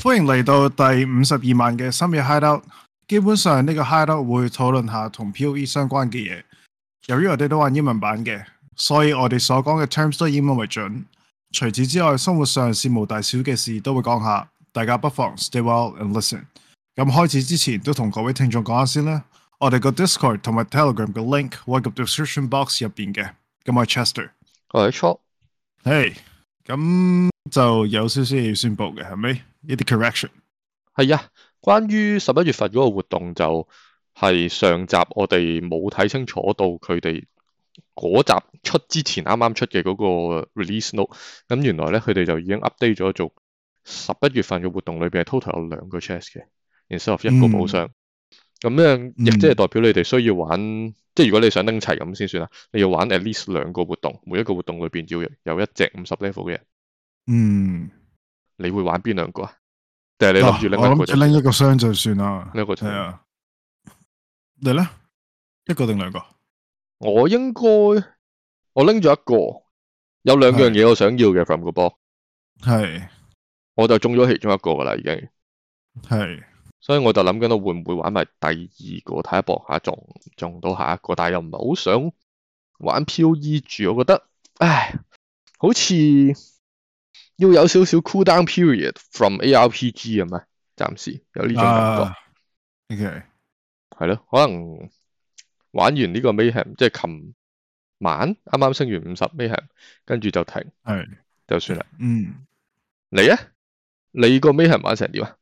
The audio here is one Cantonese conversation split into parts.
歡迎嚟到第五十二晚嘅深夜 hideout。基本上呢個 hideout 會討論下同 POE 相關嘅嘢。由於我哋都玩英文版嘅，所以我哋所講嘅 terms 都以英文為準。除此之外，生活上事無大小嘅事都會講下，大家不妨 stay well and listen。咁開始之前都同各位聽眾講一下先啦。我哋個 Discord 同埋 Telegram 嘅 link 位於 description box 入邊嘅。咁我 Chester，我係 Chop，嘿，咁就有少少嘢要宣布嘅，係咪？need correction。係啊，關於十一月份嗰個活動就係上集我哋冇睇清楚到佢哋嗰集出之前啱啱出嘅嗰個 release note。咁原來咧佢哋就已經 update 咗做十一月份嘅活動裏邊係 total 有兩個 chess 嘅、mm hmm.，instead of 一個寶箱。咁咧亦即係代表你哋需要玩，mm hmm. 即係如果你想拎齊咁先算啦，你要玩 at least 兩個活動，每一個活動裏邊要有一隻五十 level 嘅人。嗯。Mm hmm. 你會玩邊兩個啊？定係你諗住拎一個，啊？拎一個箱就算啦，啊，一個箱啊。你咧一個定兩個？我應該我拎咗一個，有兩樣嘢我想要嘅是，From 個波係，是我就中咗其中一個噶啦，已經係。是所以我就諗緊到會唔會玩埋第二個睇下搏下中中到下一個，但係又唔係好想玩 POE 住，我覺得唉，好似。要有少少 cooldown period from ARPG 啊嘛，暫時有呢種感覺。Uh, OK，係咯，可能玩完呢個 Mayhem 即係琴晚啱啱升完五十 Mayhem，跟住就停，係的就算啦。嗯，你咧？你個 Mayhem 玩成點啊？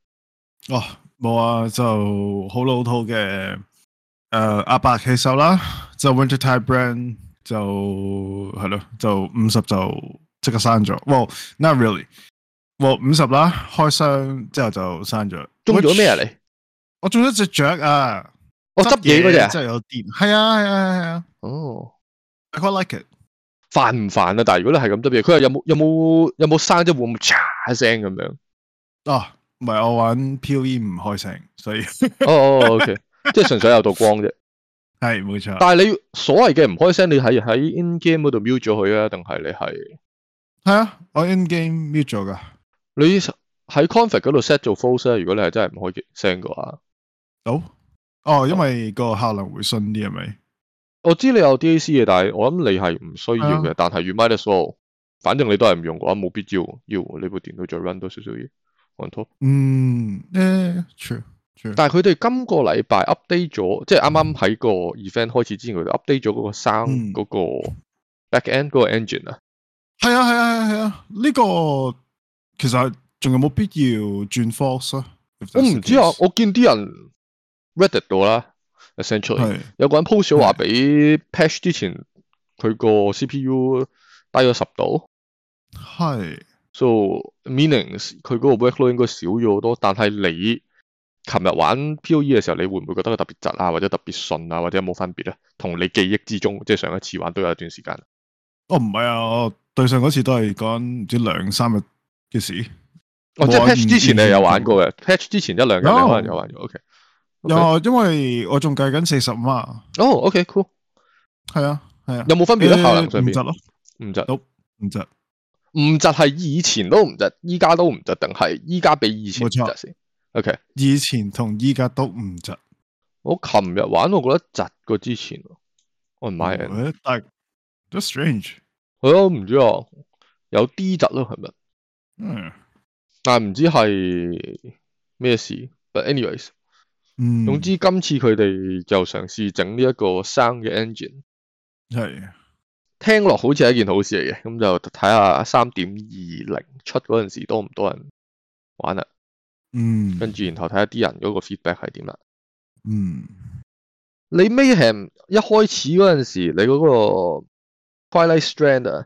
哦，冇啊，就好老套嘅誒、呃，阿伯起手啦，就 Wintertide Brand 就係咯，就五十就。即刻刪咗，well not really，五十啦，開箱之後就刪咗。中咗咩啊你？我中咗隻雀啊！我執嘢嗰隻，真係、啊、有電，係啊係啊係啊。哦、啊啊 oh.，I quite like it。煩唔煩啊？但係如果你係咁執嘢，佢係有冇有冇有冇聲，即係會咁嚓一聲咁樣啊？唔係、哦、我玩 POE 唔開聲，所以哦哦 OK，即係純粹有道光啫。係冇錯。錯，但係你所謂嘅唔開聲，你喺喺 in game 嗰度 mute 咗佢啊？定係你係？係啊，我 in game mute 咗噶。你喺 config 嗰度 set 做 false se，咧，如果你係真係唔開聲嘅話，到、no? 哦，因為個效能會順啲係咪？嗯、吧我知你有 DAC 嘅，但係我諗你係唔需要嘅。啊、但係如果咪得 all，反正你都係唔用嘅話，冇必要。要你部電腦再 run 多少少嘢。黃濤，t r u e t 但係佢哋今個禮拜 update 咗，嗯、即係啱啱喺個 event 開始之前，佢哋 update 咗嗰個聲嗰、嗯、個 back end 嗰個 engine 啊。係啊係啊係啊係啊！呢、啊啊啊這個其實仲有冇必要轉 force 啊？我唔知啊，我見啲人 Reddit 到啦，essentially 是有個人 post 話俾 patch 之前佢個是 C P U 低咗十度，係是，so meanings 佢嗰個 workload 應該少咗好多。但係你琴日玩 P O E 嘅時候，你會唔會覺得佢特別窒啊，或者特別順啊，或者有冇分別咧？同你記憶之中，即係上一次玩都有一段時間。哦，唔係啊。對上嗰次都係講唔知兩三日嘅事。哦，即係 patch 之前你有玩過嘅？patch 之前一兩日有玩。O K。有，因為我仲計緊四十五啊。哦，O K，cool。係啊，係啊。有冇分別咧？效能上面？唔窒咯，唔窒，唔窒。唔窒係以前都唔窒，依家都唔窒。定係依家比以前窒先？O K，以前同依家都唔窒。我琴日玩，我覺得窒過之前。我唔買嘅，都 strange。係都唔知啊，有 D 窒咯，係咪？嗯，但唔知係咩事。But anyways，嗯，總之今次佢哋就嘗試整呢一個生嘅 engine，係的聽落好似係一件好事嚟嘅。咁就睇下三點二零出嗰陣時多唔多人玩啦、啊。嗯，跟住然後睇下啲人嗰個 feedback 係點啦、啊。嗯，你 Mayhem 一開始嗰陣時你嗰、那個。《Twilight Strand、啊》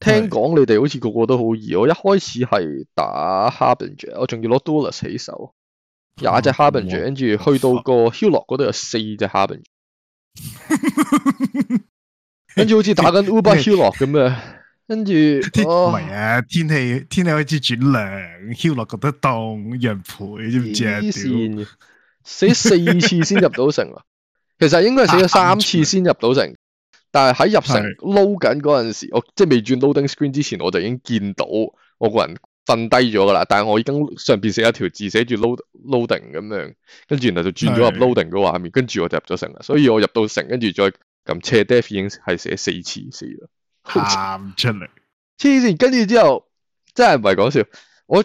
聽講你哋好似個個都好易。是的 我一開始係打 Harbinger 我仲要攞 Dollars 起手，廿隻 Harbinger 跟住去到個 Hillock 嗰度有四隻 Harbinger 跟住好似打緊 Uber Hillock 咁啊，跟住唔係啊，天氣天氣開始轉涼，Hillock 覺得凍，人陪知唔知啊？屌前， 死四次先入到城，啊，其實應該係死咗三次先入到城。但係喺入城是 load 緊嗰陣時，我即係未轉 loading screen 之前，我就已經見到我個人瞓低咗㗎喇。但係我已經上邊寫一條字，寫住 loading loading 咁樣，跟住然後就轉咗入 loading 個畫面，跟住是我就入咗城啦。所以我入到城，跟住再撳 check death 已經係寫四次先咯。喊出嚟，黐線！跟住之後真係唔係講笑，我。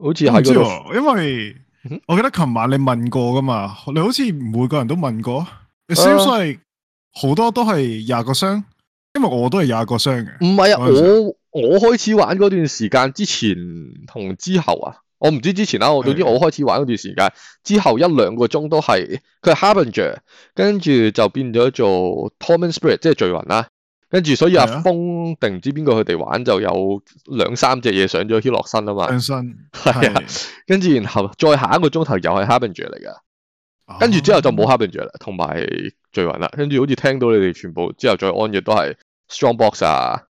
好似係知，啊、因為我記得琴晚你問過噶嘛，嗯、你好似每個人都問過，消息好多都係廿個箱，因為我都係廿個箱嘅。唔係啊，我我，我開始玩嗰段時間之前同之後啊，我唔知之前啦，啊，我總之我開始玩嗰段時間的之後一兩個鐘都係佢係 Harbinger，跟住就變咗做 Torment Spirit，即係聚魂啦。跟住，所以阿峰定唔知邊個佢哋玩就有兩三隻嘢上咗 h e a 落身啊嘛。跟住然後再下一個鐘頭又係 Harbinger 嚟噶。哦、跟住之後就冇 Harbinger 啦，同埋聚雲啦。跟住好似聽到你哋全部之後再安嘅都係 Strongbox 啊，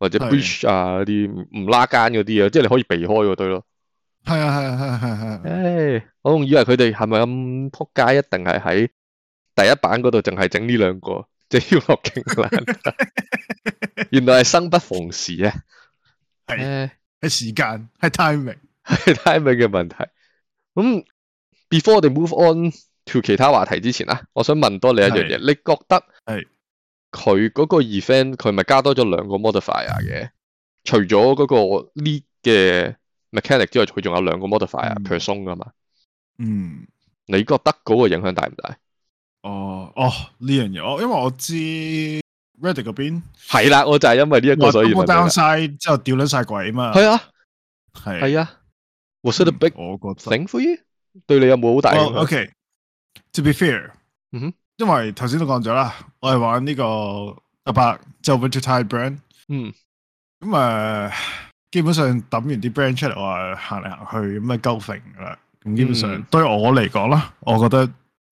或者 Breach 啊啲唔拉間嗰啲啊，啊即係你可以避開嗰堆咯。係啊係啊係係係。誒、啊，啊、hey, 我仲以為佢哋係咪咁撲街，一定係喺第一版嗰度淨係整呢兩個。就要落勁啦，原來係生不逢時啊， 係係時間係 timing 係 timing 嘅問題。咁 before 我哋 move on to 其他話題之前啊，我想問多你一樣嘢，是你覺得係佢嗰個 event 佢咪加多咗兩個 modifier 嘅？除咗嗰個 lead 嘅 mechanic 之外，佢仲有兩個 modifier，佢鬆㗎嘛。嗯，你覺得嗰個影響大唔大？哦哦，呢樣嘢，我因為我知 Reddit 嗰邊係啦，我就係因為呢一個所以我 down 晒之後掉撚晒鬼啊嘛，係啊係係啊，我識得逼，我覺得 thank for you，對你有冇好大影響？哦，OK to be fair，嗯，因為頭先都講咗啦，我係玩呢個阿伯就 vintage type brand，嗯，咁誒，基本上抌完啲 brand 出嚟，我行嚟行去咁啊高飛啦，咁基本上對我嚟講啦，我覺得。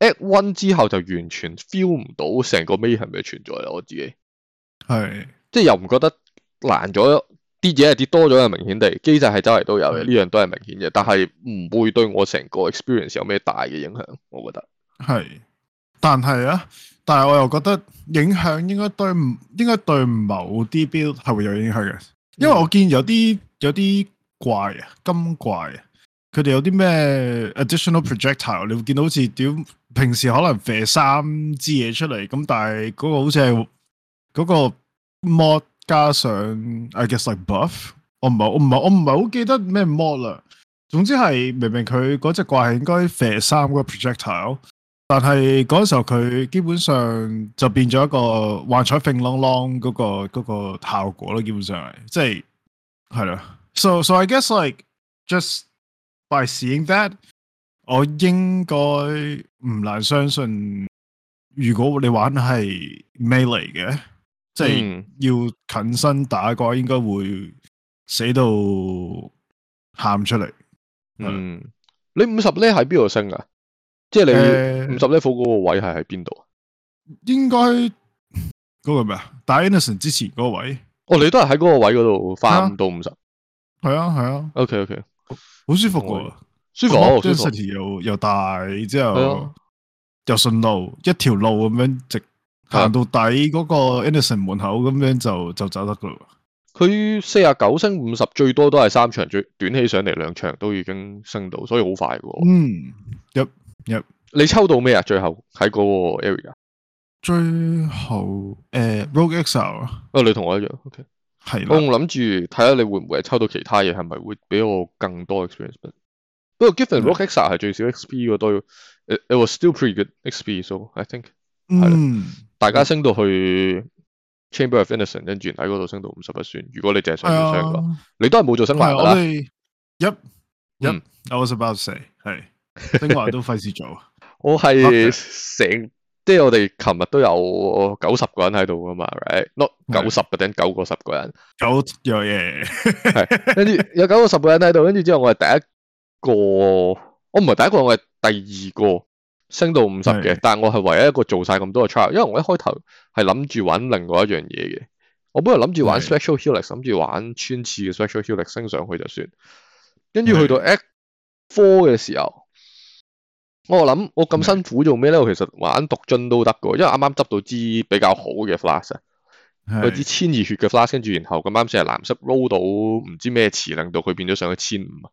At one 之後就完全 feel 唔到成個 Mayhem 係咪存在啦。我自己係是即係又唔覺得難咗，啲嘢係跌多咗，係明顯地機制係周圍都有嘅呢樣都係明顯嘅，但係唔會對我成個 experience 有咩大嘅影響。我覺得係，但係啊，但係我又覺得影響應該對唔應該對某啲 build 係、er、會有影響嘅，因為我見有啲、嗯、有啲怪啊金怪，佢哋有啲咩 additional projectile，、嗯、你會見到好似點。平時可能飛三支嘢出嚟，咁但係嗰個好似係嗰個 mod 加上，I guess like buff，我唔係，我唔係，我唔係好記得咩 mod 啦。總之係明明佢嗰隻怪係應該飛三個 projectile，但係嗰時候佢基本上就變咗一個幻彩乒啷啷嗰個嗰個效果咯。基本上係即係係咯。So so I guess like just by seeing that。我應該唔難相信，如果你玩係 melee 嘅，嗯、即係要近身打嘅話，應該會死到喊出嚟。嗯，是你五十呢喺邊度升啊？嗯、即係你五十呢股嗰個位係喺邊度啊？應該嗰、嗰個咩啊？打 Innocence 之前嗰個位。哦，你都係喺嗰個位嗰度翻到五十。係啊係啊。O K O K，好舒服嘅、啊。舒服、啊，張細又、啊、又大，之後又順路、啊、一條路咁樣直行到底嗰個 Innocent 門口咁樣就、啊、就走得噶啦。佢四十九升五十，最多都係三場，最短起上嚟兩場都已經升到，所以好快嘅、啊。嗯、入、yep, 入、yep、你抽到咩啊？最後喺嗰個 e r i c a 最後誒、呃、Rogue Excel 啊，啊你同我一樣 OK 係。我諗住睇下你會唔會係抽到其他嘢，係咪會俾我更多 experience？不過 given rock exile 係最少 XP 個都、嗯、it was still pretty good XP，so I think。嗯。Yeah, 大家升到去 Chamber of Innocence，跟住喺嗰度升到五十不算。如果你淨係想升個，哎、你都係冇做升華啦。一、哎，一、yep, yep,，I was about to say，係、嗯。升華都費事做。我係成，即係我哋琴日都有九十個人喺度啊嘛，right？no，九十個頂九個十個人。九 yeah 係，跟住有九個十個人喺度，跟住之後我係第一。一個我唔係第一個，我係第二個升到五十嘅，是的 但係我係唯一一個做晒咁多嘅 trade 因為我一開頭係諗住玩另外一樣嘢嘅，我本來諗住玩 Spectral Helix 諗住玩穿刺嘅 Spectral Helix 升上去就算，跟住去到 Act Four 嘅時候，是的 我諗我咁辛苦做咩咧？我其實玩毒樽都得嘅，因為啱啱執到支比較好嘅 flask，< 是的 S 1> 一支千二血嘅 flask，跟住然後咁啱先係藍色 roll 到唔知咩詞，令到佢變咗上一千五啊。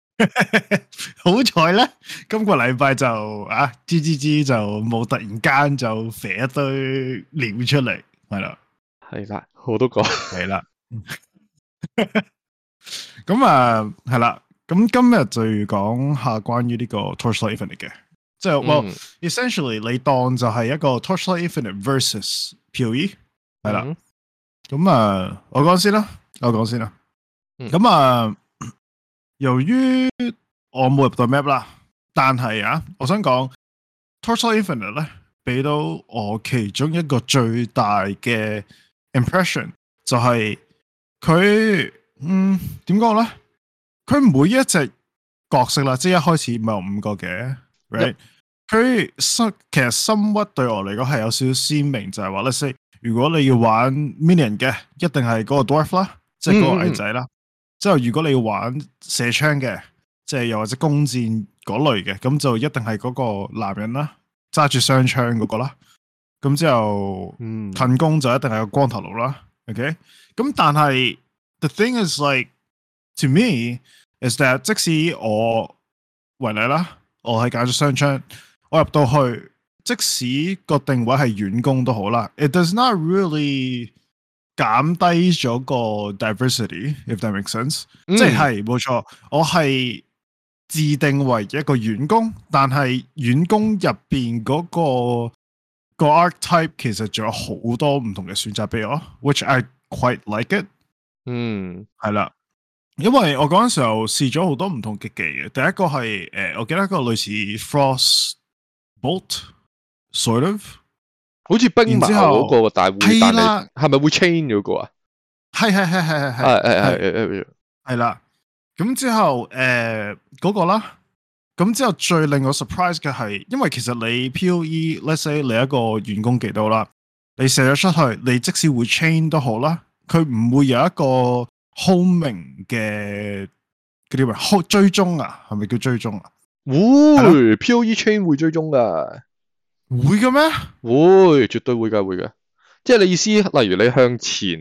好彩咧，今個禮拜就啊，GGG，就冇突然間就發一堆料出嚟。係啦，係啦，好多個，係啦，咁啊，係啦，咁今日就講下關於呢個 Torchlight Infinite 嘅，即係、嗯就是、，Well, essentially 你當就係一個 Torchlight Infinite versus POE。係啦，咁啊，我講先啦，我講先啦，咁、嗯、啊。由於我冇入到 map 啦，但係啊，我想講 Torchlight Infinite 咧，俾到我其中一個最大嘅 impression 就係佢，嗯，點講咧？佢每一隻角色啦，即係一開始唔係五個嘅，right？佢其實心屈對我嚟講係有少少鮮明，就係話咧 say 如果你要玩 Minion 嘅，一定係嗰個 Dwarf 啦、嗯，即係嗰個矮仔啦。之後如果你要玩射槍嘅，即係又或者弓箭嗰類嘅，咁就一定係嗰個男人啦，揸住雙槍嗰個啦。咁之後近攻就一定係個光頭佬啦。OK，咁但係 the thing is like to me is that 即使我為例啦，我係揀咗雙槍，我入到去，即使個定位係遠攻都好啦，it does not really 減低咗個 diversity，if that makes sense，嗯、即係冇錯，我係自定為一個員工，但係員工入邊嗰個個 archetype 其實仲有好多唔同嘅選擇俾我，which I quite like it。嗯，係啦，因為我嗰陣時候試咗好多唔同嘅技嘅，第一個係誒，我記得一個類似 Frost Bolt，sort of。好似冰埋嗰個大會，係啦，係咪會 chain 嗰、那個啊？係係係係係係係係係係係啦。咁之後誒嗰、呃那個啦，咁之後最令我 surprise 嘅係，因為其實你 POE, let's say 你一個員工幾多啦，你射咗出去，你即使會 chain 都好啦，佢唔會有一個 homing 嘅嗰啲咩，追蹤啊，係咪叫追蹤啊？oo、哦、了 POE chain 會追蹤噶。會嘅咩？會，絕對會嘅，會嘅。即係你意思，例如你向前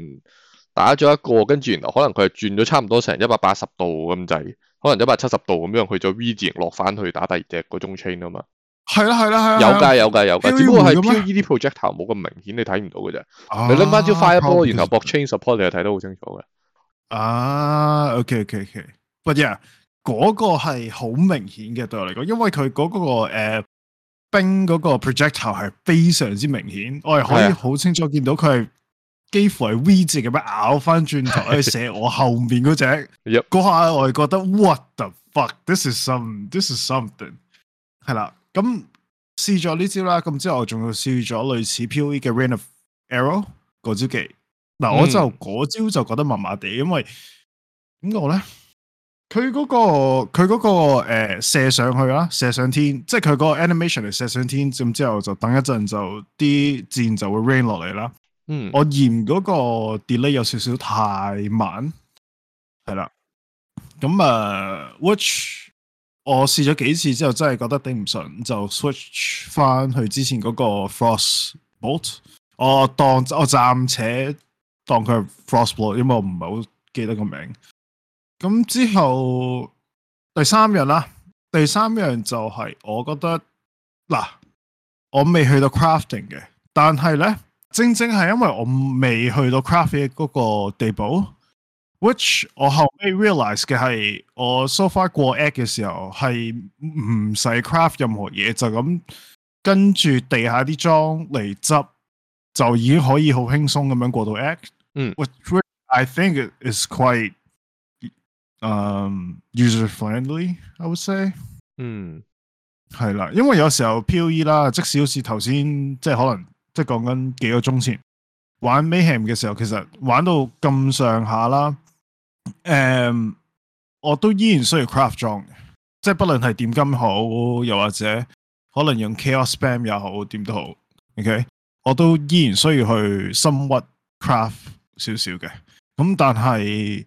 打咗一個，跟住，原來可能佢係轉咗差唔多成一百八十度咁滯，可能一百七十度咁樣，去咗 V 字形落翻去打第二隻嗰種 chain 啊嘛。係啦，係啦，係有噶，有噶，有噶。POE 只不過係 POE 啲 projector 冇咁明顯，你睇唔到嘅啫。啊、你拎翻支快一波，然後博 chain support 你又睇得好清楚嘅。啊，OK，OK，OK。乜嘢啊？嗰、okay, okay, okay. yeah, 個係好明顯嘅，對我嚟講，因為佢嗰嗰個誒。呃冰嗰個 projectile 係非常之明顯，我哋可以好清楚見到佢係幾乎係 V 字咁樣咬翻轉頭去射我後面嗰隻。嗰下我係覺得 What the fuck? This is some. This is something。係啦，咁試咗呢招啦，咁之後我仲要試咗類似 POE 嘅 Rain of Arrow 嗰招技。嗱，我就嗰、嗯、招就覺得麻麻地，因為點解咧。佢嗰個佢嗰個誒、呃、射上去啦，射上天，即係佢個 animation 嚟，射上天，咁之後就等一陣，就啲箭就，就會 rain 落嚟啦。嗯，我嫌嗰個 delay 有少少太慢，係啦。咁啊 which 我試咗幾次之後，真係覺得頂唔順，就 switch 翻去之前嗰個 frost bolt 我。我當我暫且當佢係 frost bolt，因為我唔係好記得個名。咁之後第三樣啦，第三樣就係我覺得嗱，我未去到 crafting 嘅，但係咧正正係因為我未去到 crafting 嗰個地步、mm.，which 我後尾 realize 嘅係我 so far 過 act 嘅時候係唔使 craft 任何嘢，就咁跟住地下啲裝嚟執，就已經可以好輕鬆咁樣過到 act。嗯，which I think is quite。嗯、um,，user friendly，I would say，嗯，係啦，因為有時候 POE 啦，即使好似頭先，即係可能，即係講緊幾個鐘前玩 Mayhem 嘅時候，其實玩到咁上下啦，誒、um,，我都依然需要 craft 裝，即係不論係點金好，又或者可能用 chaos spam 也好，點都好，OK，我都依然需要去深屈 craft 少少嘅，咁但係。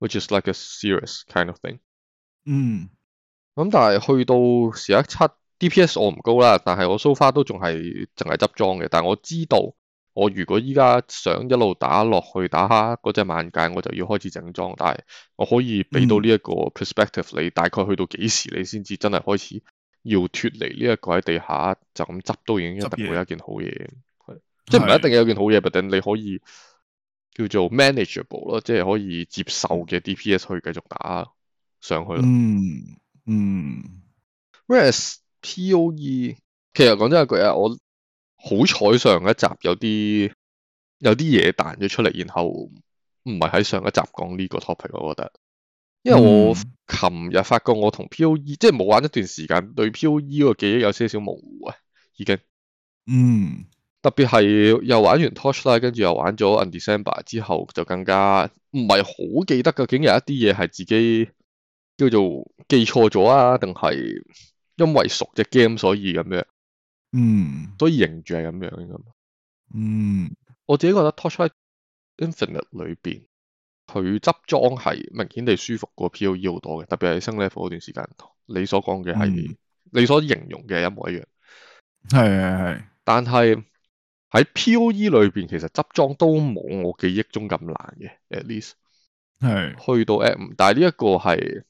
Which is like a serious kind of thing，嗯嗯，嗯，咁但係去到十一七 DPS 我唔高啦，但係我 so far 都仲係淨係執裝嘅。但係我知道我如果依家想一路打落去打下嗰隻萬界，我就要開始整裝。但係我可以俾到呢一個 perspective，你、嗯、大概去到幾時你先至真係開始要脫離呢一個喺地下就咁執都已經一定會有一件好嘢。即係唔係一定有一件好嘢，但係你可以。叫做 manageable 咯，即係可以接受嘅 DPS 去繼續打上去咯、嗯。嗯嗯，Whereas P.O.E 其實講真一句啊，我好彩上一集有啲有啲嘢彈咗出嚟，然後唔係喺上一集講呢個 topic，我覺得，因為我琴日發覺我同 P.O.E、嗯、即係冇玩一段時間，對 P.O.E 嗰個記憶有少少模糊啊，依家嗯。特別係又玩完 Torchlight，跟住又玩咗 Undecember 之後，就更加唔係好記得究竟有一啲嘢係自己叫做記錯咗啊，定係因為熟隻 game 所以咁樣。嗯，所以形象係咁樣噶。嗯，我自己覺得 Torchlight Infinite 裏邊佢執裝係明顯地舒服過 POE 好多嘅，特別係升 level 嗰段時間。你所講嘅係你所形容嘅一模一樣。係係係，但係。喺 P.O.E 裏邊，其實執裝都冇我記憶中咁難嘅，at least 係是去到、AT、M 但。但係呢一個係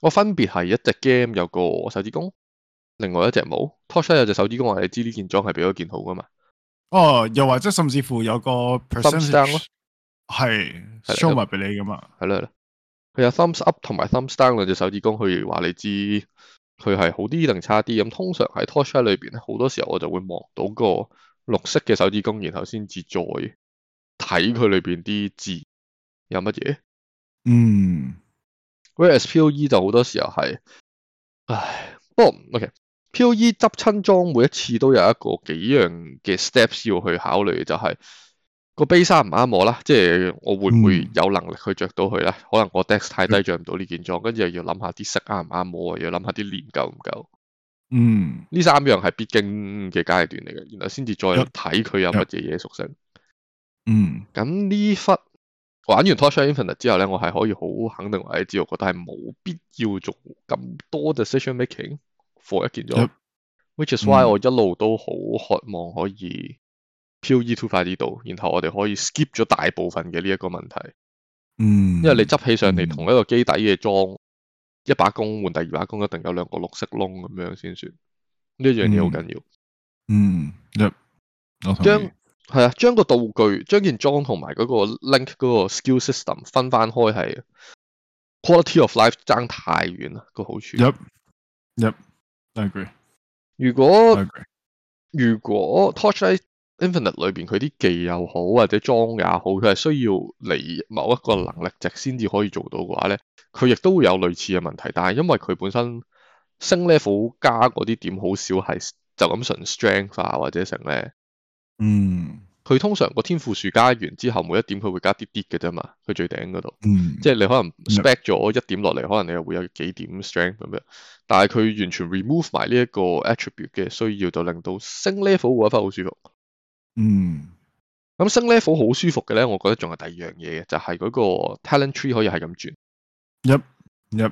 我分別係一隻 game 有個手指公，另外一隻冇。Torch 咧有隻手指公，我哋知呢件裝係比嗰件好噶嘛。哦，又或者甚至乎有個 thumbs down 咯是，係 show 埋俾你噶嘛。係咯係咯，佢有 thumbs up 同埋 thumbs down 兩隻手指公去話你知佢係好啲定差啲。咁通常喺 Torch 喺裏邊咧，好多時候我就會望到個。綠色嘅手指公，然後先至再睇佢裏邊啲字有乜嘢？嗯 whereas P O E 就好多時候係，唉，不過 O K P O E 執親裝每一次都有一個幾樣嘅 steps 要去考慮嘅，就係、是、個背衫唔啱我啦，嗯、即係我會唔會有能力去着到佢咧？可能我 dex 太低着唔到呢件裝，跟住又要諗下啲色啱唔啱我，又要諗下啲鏈夠唔夠。嗯，呢三樣係必經嘅階段嚟嘅，然後先至再睇佢有乜嘢嘢屬性。嗯，咁呢忽玩完 Torchlight Infinite 之後咧，我係可以好肯定話，只要覺得係冇必要做咁多 decision making，for 一件咗，嗯嗯，which is why 我一路都好渴望可以 POE 2快呢度，然後我哋可以 skip 咗大部分嘅呢一個問題。嗯，因為你執起上嚟同一個機底嘅裝。一把弓換第二把弓一定有兩個綠色窿咁樣先算呢樣嘢好緊要。嗯，一將係啊，將個道具、將件裝同埋嗰個 link 嗰個 skill system 分翻開係 quality of life 爭太遠啦個好處。Yep, yep, I agree. 如果如果 Torchlight Infinite 裏面佢啲技又好，或者裝也好，佢係需要嚟某一個能力值先至可以做到嘅話咧，佢亦都會有類似嘅問題。但係因為佢本身升 level 加嗰啲點好少係就咁純 strength 化或者成咧，嗯，佢通常個天賦樹加完之後，每一點佢會加啲啲嘅啫嘛。佢最頂嗰度，mm. 即係你可能 spec 咗一點落嚟，可能你又會有幾點 strength 咁樣。但係佢完全 remove 埋呢一個 attribute 嘅需要，就令到升 level 嘅話，翻好舒服。嗯，咁升 level 好舒服嘅咧，我覺得仲係第二樣嘢嘅，就係嗰個 talent tree 可以係咁轉。一、嗯，一、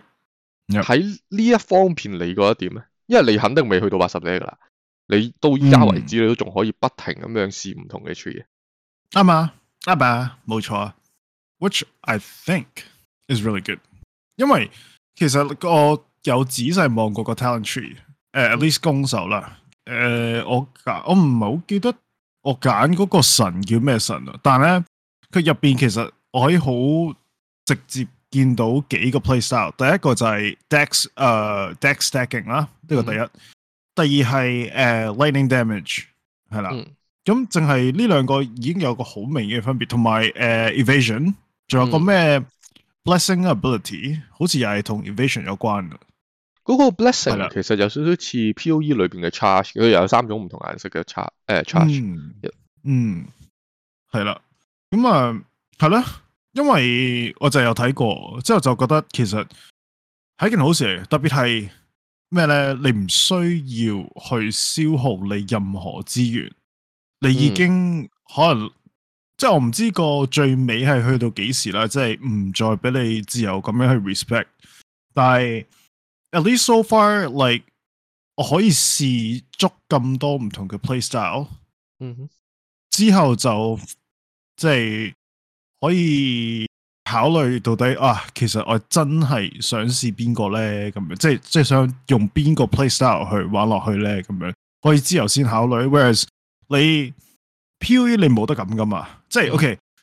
嗯，喺呢一方面，你覺得點咧？因為你肯定未去到八十 level 啦，你到依家為止，你都仲可以不停咁樣試唔同嘅 tree 嘅。啱嘛？啱嘛？冇錯。Which I think is really good，因為其實個有仔細望過個 talent tree，誒，at least 攻守啦，誒、uh,，我我唔係好記得。我揀嗰個神叫咩神啊？但咧，佢入邊其實我可以喺好直接見到幾個 playstyle。第一個就係 dex，誒 dex stacking 啦，呢個第一。第二係，誒 lightning damage 係啦，咁淨係呢兩個已經有個好明顯嘅分別。同埋誒，evasion，仲有個咩 blessing ability，好似又係同 evasion 有關嘅。嗰個 blessing 其實有少少似 P.O.E 裏邊嘅 charge，佢、嗯、有三種唔同顏色嘅 charge，誒 charge，嗯，係啦 Yeah、嗯，咁啊係咯，因為我就有睇過，之後就覺得其實係一件好事嚟。特別係咩咧？你唔需要去消耗你任何資源，你已經可能、嗯、即係我唔知個最尾係去到幾時啦，即係唔再俾你自由咁樣去 respect，但係。At least so far，like 我可以試足咁多唔同嘅 playstyle，嗯哼，之後就即係可以考慮到底啊，其實我真係想試邊個咧，咁樣即係即係想用邊個 playstyle 去玩落去咧，咁樣可以之後先考慮。Whereas 你 POE 你冇得咁噶嘛，即係，嗯，OK。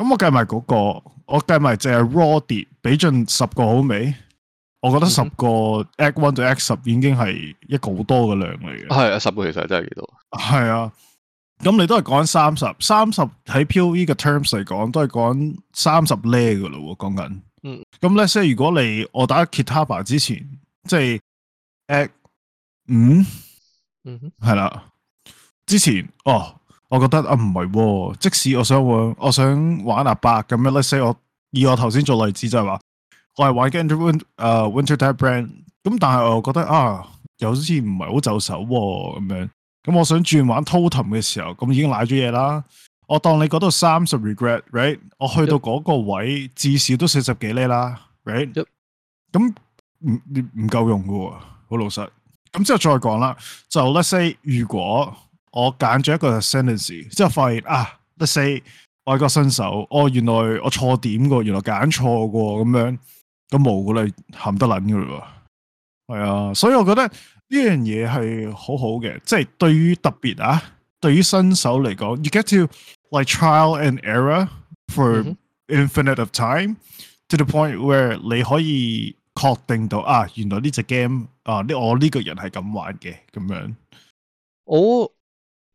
咁我計埋嗰個，我計埋淨係 raw 跌，俾盡十個好未？我覺得十個 X one 到 X 十已經係一個好多嘅量嚟嘅。係啊，十個其實真係幾多？係啊，咁你都係講三十，三十喺 POE 嘅 terms 嚟講，都係講三十咧噶啦、啊。講緊，嗯，咁咧即係如果你我打 Kitaba 之前，即係 X 五，嗯，係啦、嗯哼啊，之前哦。我覺得啊唔係、哦，即使我想玩，我想玩阿伯咁樣。Let's say 我以我頭先做例子就係、是、話，我係玩嘅 e n d r o i 誒，Wintertide Brand。咁但係我又覺得啊，又好似唔係好就手咁、哦、樣。咁我想轉玩 Totem、um、嘅時候，咁已經瀨咗嘢啦。我當你嗰度三十 regret，right？我去到嗰個位，至少都四十幾厘啦，right？咁唔唔夠用噶、哦，好老實。咁之後再講啦，就 Let's say 如果。我揀咗一個 sentence 之後，發現啊，let's say 我係個新手，哦，原來我錯點嘅，原來揀錯嘅，咁樣咁冇噶啦，冚得撚噶啦，係啊，所以我覺得呢樣嘢係好好嘅，即係對於特別啊，對於新手嚟講，you get to like trial and error for infinite of time，to the point where 你可以確定到啊，原來呢隻 game 啊，呢我呢個人係咁玩嘅，咁樣，我。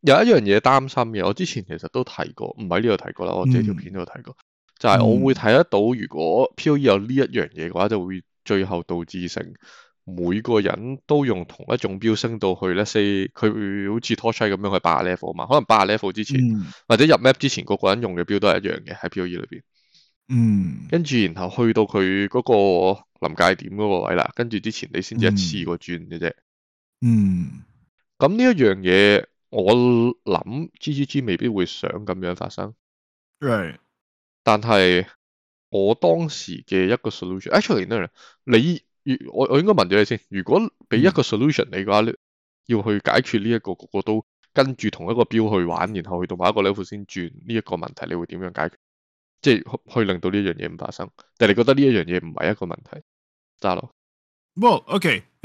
有一樣嘢擔心嘅，我之前其實都提過，唔喺呢度提過啦，我呢條片都有提過，嗯、就係我會睇得到，如果 P O E 有呢一樣嘢嘅話，就會最後導致成每個人都用同一種標升到去咧四，佢會好似拖出咁樣去八十 level 嘛，可能八十 level 之前、嗯、或者入 map 之前個個、e、人用嘅標都係一樣嘅喺 P O E 裡邊，嗯，跟住然後去到佢嗰個臨界點嗰個位啦，跟住之前你先至一次過轉嘅啫，嗯，咁呢一樣嘢。我諗 G、G、G 未必會想咁樣發生，但係我當時嘅一個 solution，actually no 你我我應該問咗你先。如果俾一個 solution 你嘅話，你要去解決呢、這、一個個個都跟住同一個表去玩，然後去到某一個 level 先轉呢一個問題，你會點樣解決？即係去令到呢樣嘢唔發生？但係你覺得呢一樣嘢唔係一個問題，得咯？冇 OK。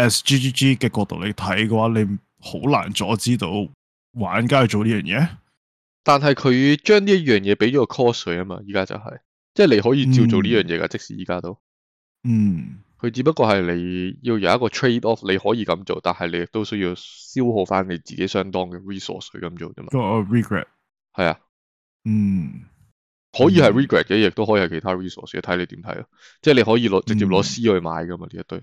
S.G.G.G 嘅角度你睇嘅話，你好難阻止到玩家去做呢樣嘢。但係佢將呢一樣嘢俾咗個 cost 啊嘛，依家就係、是，即係你可以照做呢樣嘢噶，嗯、即使依家都。嗯。佢只不過係你要有一個 trade off，你可以咁做，但係你亦都需要消耗翻你自己相當嘅 resource 去咁做啫嘛。個 regret。係啊。嗯。可以係 regret 嘅，亦都可以係其他 resource，睇你點睇咯。即係你可以攞直接攞 C 去買噶嘛，呢、嗯、一堆。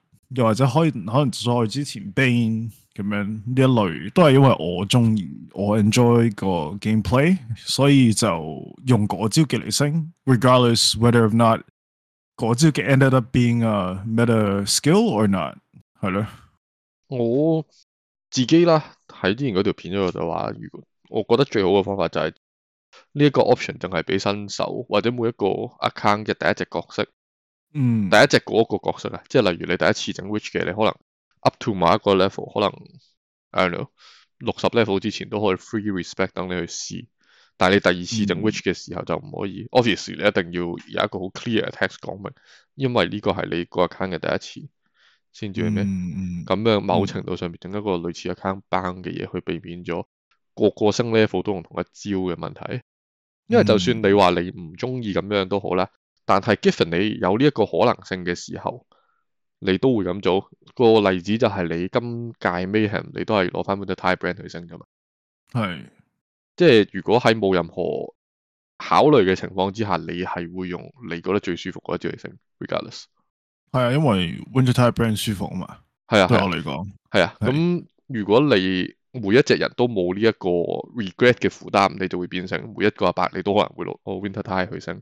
又或者可以，可能再之前 Bane 咁樣呢一類，都係因為我中意，我 enjoy 個 gameplay，所以就用嗰招嘅嚟升。Regardless whether or not 嗰招嘅 ended up being a meta skill or not，係咯。我自己啦，喺之前嗰條片度就話，如果我覺得最好嘅方法就係呢一個 option，定係俾新手或者每一個 account 嘅第一隻角色。第一隻嗰個角色啊，即係例如你第一次整 witch 嘅，你可能 up to 某一個 level，可能 I don't know 六十 level 之前都可以 free respect 等你去試，但係你第二次整 witch 嘅時候就唔可以、嗯、，obviously 你一定要有一個好 clear 嘅 text 講明，因為呢個係你個 account 嘅第一次，先至咩？咁啊、嗯，嗯、咁樣某程度上面，整一個類似 account ban 嘅嘢去避免咗個個升 level 都用同一招嘅問題，因為就算你話你唔中意咁樣都好啦。但係 Given 你有呢一個可能性嘅時候，你都會咁做。那個例子就係你今屆 Mayhem，你都係攞翻 Winter Time Brand 去升噶嘛？係的。即係如果喺冇任何考慮嘅情況之下，你係會用你覺得最舒服嗰隻去升，regardless。係啊，因為 Winter Time Brand 舒服啊嘛。係啊的，對我嚟講係啊。咁如果你每一隻人都冇呢一個 regret 嘅負擔，你就會變成每一個阿伯你都可能會攞 Winter Time 去升。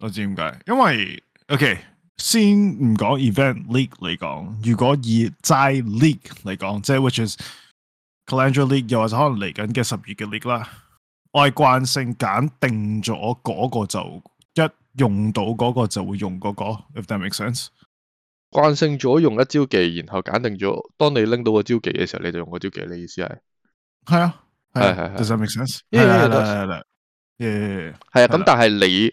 我知點解，因為 OK，先唔講 event league 嚟講，如果以齋 league 嚟講，即係 which is calendar league，又或者可能嚟緊嘅十二嘅 league 啦，我係慣性揀定咗嗰個就一用到嗰個就會用嗰個。If that makes sense？慣性咗用一招技，然後揀定咗，當你拎到個招技嘅時候，你就用個招技。你意思係？係啊，係係啊啊，Does that make sense？Yeah yeah yeah，係係啊，咁但係你。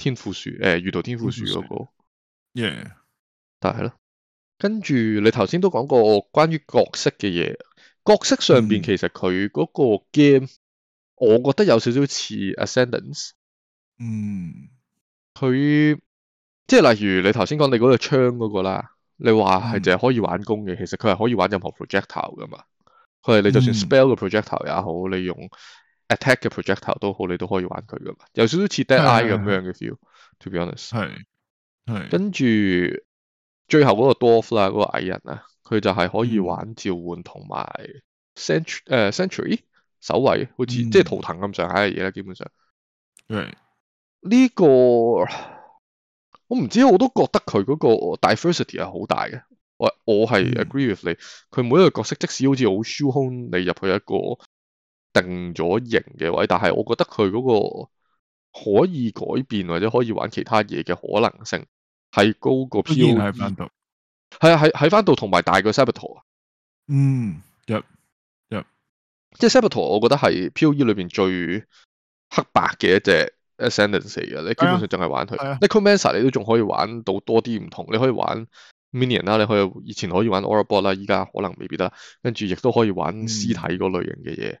天賦樹，誒、呃，遇到天賦樹嗰個 y、yeah. 但係咯，跟住你頭先都講過關於角色嘅嘢，角色上邊其實佢嗰個 game，、嗯、我覺得有少少似 Ascendance，嗯，佢即係例如你頭先講你嗰個槍嗰、嗰個啦，你話係淨係可以玩弓嘅，嗯、其實佢係可以玩任何 projectile 噶嘛，佢係你就算 spell 嘅 projectile 也好，嗯、你用，Attack 嘅 projectile 都好，你都可以玩佢噶嘛，有少少似 Dead Eye 咁樣嘅 feel。的 to be honest，係係。跟住最後嗰個 Dwarf 啦，嗰、嗰個矮人啊，佢就係可以玩召喚同埋 Century 誒、嗯啊、Century 守衛，好似、嗯、即係圖騰咁上下嘅嘢啦。基本上，呢 Right.、這個我唔知，我都覺得佢嗰個 diversity 係好大嘅。我我係 agree with、嗯、你，佢每一個角色即使好似好疏空，你入去一個。定咗型嘅位，但係我覺得佢嗰個可以改變或者可以玩其他嘢嘅可能性係高過 POE 喺翻度，係啊喺喺翻度同埋大個 Saboteur 啊、嗯，嗯，約、嗯、約，即係 Saboteur，我覺得係 POE 裏邊最黑白嘅一隻 ascendancy 嘅，你基本上淨係玩佢，你 Necromancer 你都仲可以玩到多啲唔同，你可以玩 minion 啦，你可以以前可以玩 aurabot 啦，依家可能未必得，跟住亦都可以玩屍體嗰類型嘅嘢。嗯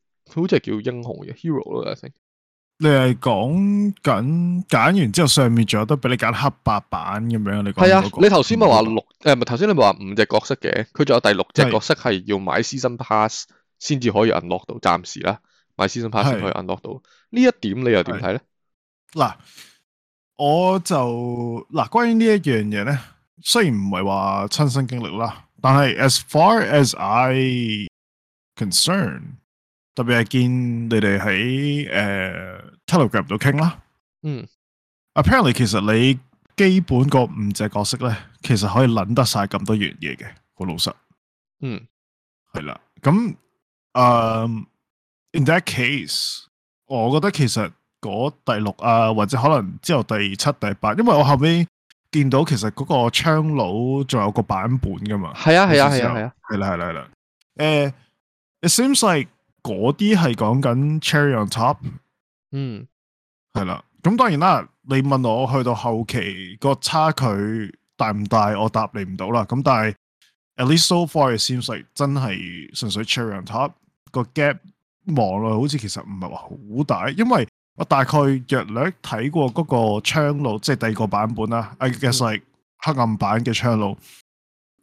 佢好似係叫英雄嘅 hero 咯，我諗。你係講緊揀完之後，上面仲有得俾你揀黑白版咁樣。你講嗰、那個，啊、你頭先咪話六誒，唔係頭先你咪話五隻角色嘅，佢仲有第六隻角色係要買 season pass 先至可以 unlock 到，暫時啦，買 season pass 先可以 unlock 到。呢是一點你又點睇咧？嗱，我就嗱，關於呢一樣嘢咧，雖然唔係話親身經歷啦，但係 as far as I concern。特別係見你哋喺誒 Telegram 度傾啦。Uh, 嗯，Apparently 其實你基本的個五隻角色咧，其實可以諗得晒咁多樣嘢嘅。好老實，嗯，係啦。咁誒，um，In that case，我覺得其實嗰第六啊，或者可能之後第七、第八，因為我後尾見到其實嗰個槍佬仲有個版本噶嘛。係啊，係啊，係啊，係啦，係啦，係啦。誒，uh，It seems like 嗰啲係講緊 cherry on top，嗯，係啦，咁當然啦，你問我去到後期個差距大唔大？我答你唔到啦。咁但係 at least so far it seems like 真係純粹 cherry on top 個 gap 望落好似其實唔係話好大，因為我大概約略睇過嗰個窗路，即係第二個版本啦、嗯、，I guess e、like、黑暗版嘅窗路。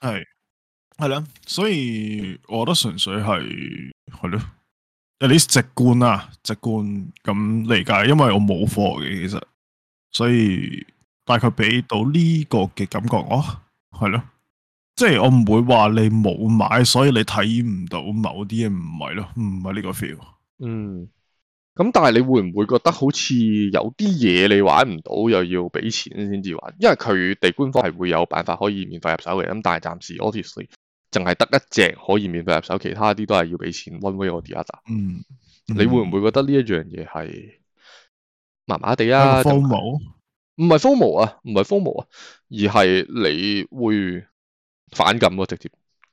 係係啦，所以我覺得純粹係係咯，你直觀啊，直觀咁理解，因為我冇貨嘅其實，所以大概俾到呢個嘅感覺，哦就是，我係咯，即係我唔會話你冇買，所以你睇唔到某啲嘢唔係咯，唔係呢個 feel。嗯。咁但係你會唔會覺得好似有啲嘢你玩唔到又要俾錢先至玩？因為佢哋官方係會有辦法可以免費入手嘅。咁但係暫時 obviously 淨係得一隻可以免費入手，其他啲都係要俾錢。One way or the other 嗯。嗯，你會唔會覺得呢一樣嘢係麻麻地啊？FOMO？唔係 FOMO 啊，唔係 FOMO 啊，而係你會反感咯、啊，直接。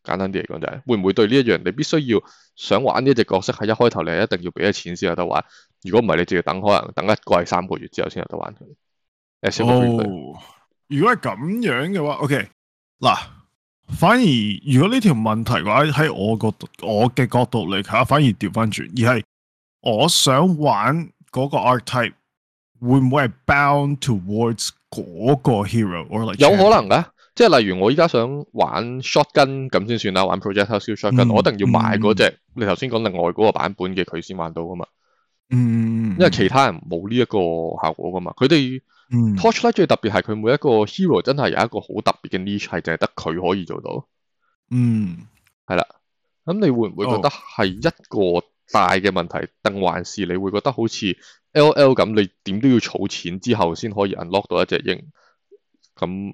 簡單啲嚟講就係，會唔會對呢一樣？你必須要想玩呢一隻角色，係一開頭你一定要俾咗錢先有得玩。如果唔係，你就要等可能等一季三個月之後先有得玩佢。哦、oh, 吧，如果係咁樣嘅話，OK 嗱，反而如果呢條問題嘅話，喺我個我嘅角度嚟睇吓，反而調翻轉，而係我想玩嗰個 archetype 會唔會係 bound towards 嗰個 hero，or、like、有可能噶？即係例如我依家想玩 shotgun 咁先算啦，玩 projector shotgun，我一定要買嗰隻。嗯嗯、你頭先講另外嗰個版本嘅佢先玩到㗎嘛、嗯。嗯，因為其他人冇呢一個效果噶嘛，佢哋。嗯、Torchlight 最特別係佢每一個 hero 真係有一個好特別嘅 niche 係，就係得佢可以做到。嗯，係啦。咁你會唔會覺得係一個大嘅問題，定、哦、還是你會覺得好似 LoL 咁，你點都要儲錢之後先可以 unlock 到一隻英？咁？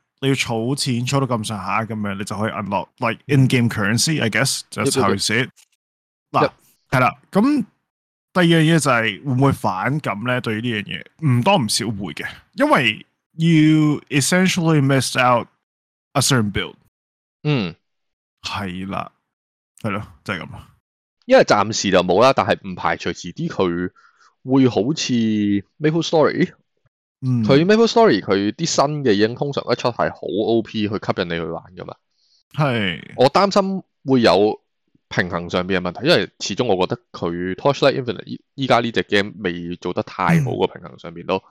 你要儲錢儲到咁上下咁樣，你就可以 unlock like in-game currency，I guess 就係咁樣。嗱，係啦，咁第二樣嘢就係會唔會反感咧？對於呢樣嘢唔多唔少會嘅，因為要 essentially miss out a certain build。嗯，係啦，係咯，就係咁。因為暫時就冇啦，但係唔排除遲啲佢會好似 Maple Story。佢、嗯、Maple Story 佢啲新嘅嘢通常一出係好 O P 去吸引你去玩噶嘛是，係我擔心會有平衡上邊嘅問題，因為始終我覺得佢 Torchlight Infinite 依家呢隻 game 未做得太好個平衡上邊囉，嗯、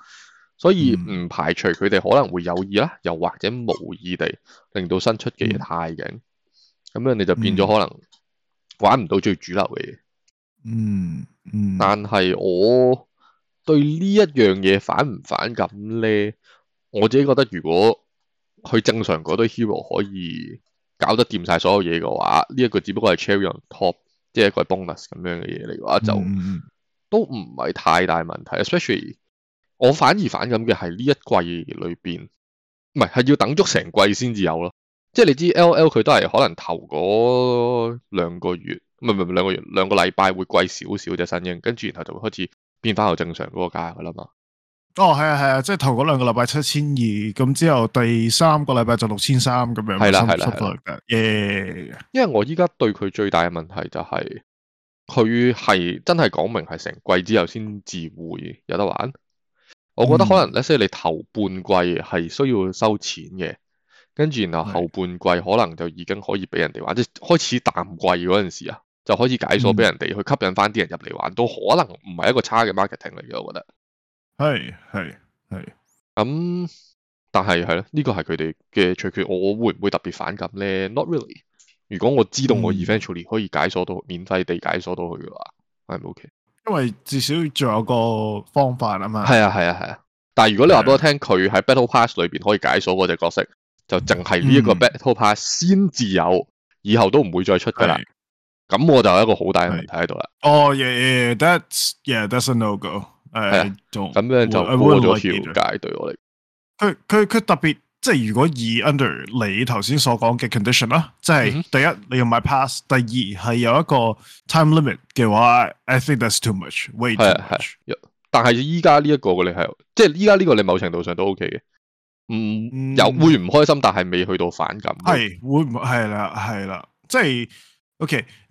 所以唔排除佢哋可能會有意啦，又或者無意地令到新出嘅嘢太勁，咁樣你就變咗可能玩唔到最主流嘅嘢、嗯，嗯嗯，但係我。對呢一樣嘢反唔反感咧？我自己覺得，如果佢正常嗰堆 hero 可以搞得掂晒所有嘢嘅話，呢一個只不過係 cherry on top，即係一個 bonus 咁樣嘅嘢嚟嘅話，就都唔係太大問題。especially 我反而反感嘅係呢一季裏邊，唔係係要等足成季先至有咯。即係你知 LOL 佢都係可能頭嗰兩個月，唔係唔係兩個月，兩個禮拜會貴少少隻新英，跟住然後就會開始。變翻頭正常嗰個價噶啦嘛？哦，係啊，係啊，即係頭嗰兩個禮拜七千二，咁之後第三個禮拜就六千三咁樣，係啦、啊，係啦，耶，因為我依家對佢最大嘅問題就係、是，佢係真係講明係成季之後先至會有得玩。我覺得可能咧，即係、嗯、你頭半季係需要收錢嘅，跟住然後後半季可能就已經可以俾人哋玩，是即係開始淡季嗰陣時啊。就可以解鎖俾人哋、嗯、去吸引翻啲人入嚟玩，都可能唔係一個差嘅 marketing 嚟嘅。我覺得係係係咁，但係係咯，呢個係佢哋嘅取決。我會唔會特別反感咧？Not really。如果我知道我 eventually 可以解鎖到、嗯、免費地解鎖到佢嘅話，係唔 OK？因為至少仲有個方法啊嘛。係啊係啊係啊。但係如果你話俾我聽，佢喺、啊、Battle Pass 裏邊可以解鎖嗰隻角色，就淨係呢一個 Battle Pass 先至有，嗯、以後都唔會再出噶啦。咁我就一個好大嘅問題喺度啦。哦、oh,，yeah，that's yeah, yeah，that's a no go I,、啊。係啦，咁樣就過咗條界對我嚟。佢佢佢特別即係如果以 under 你頭先所講嘅 condition 啦，即係第一你要買 pass，第二係有一個 time limit 嘅話，I think that's too much, way too much.、啊。w 係啊係。但係依家呢一個嘅你係，即係依家呢個你某程度上都 OK 嘅。嗯，有會唔開心，但係未去到反感。係、嗯、會唔係啦？係啦、啊啊啊，即係 OK。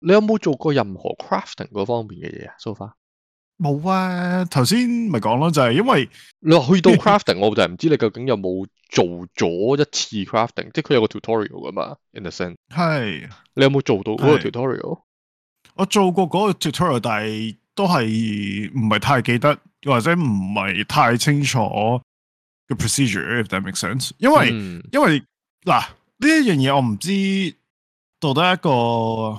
你有冇做過任何 crafting 嗰方面嘅嘢、so、啊？so far，冇啊！頭先咪講咯，就係、是、因為你話去到 crafting，我就係唔知你究竟有冇做咗一次 crafting，即係佢有個 tutorial 噶嘛？in the sense 係是，你有冇做到嗰個 tutorial？我做過嗰個 tutorial，但係都係唔係太記得，或者唔係太清楚嘅 procedure。If that makes sense？因為、嗯、因為嗱呢一樣嘢，我唔知到底一個。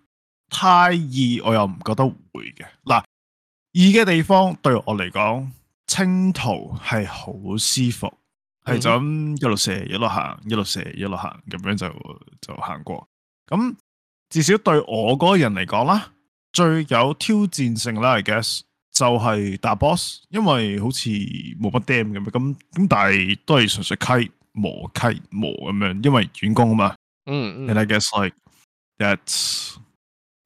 太易我又唔覺得會嘅，嗱易嘅地方對我嚟講，清圖係好舒服，係、嗯、就咁一路射一路行，一路射一路行，咁樣就就行過。咁至少對我個人嚟講啦，最有挑戰性啦，I guess 就係打 boss，因為好似冇乜 damage 咁，咁但係都係純粹溪磨溪磨咁樣，因為遠攻啊嘛。嗯 and I guess like that。s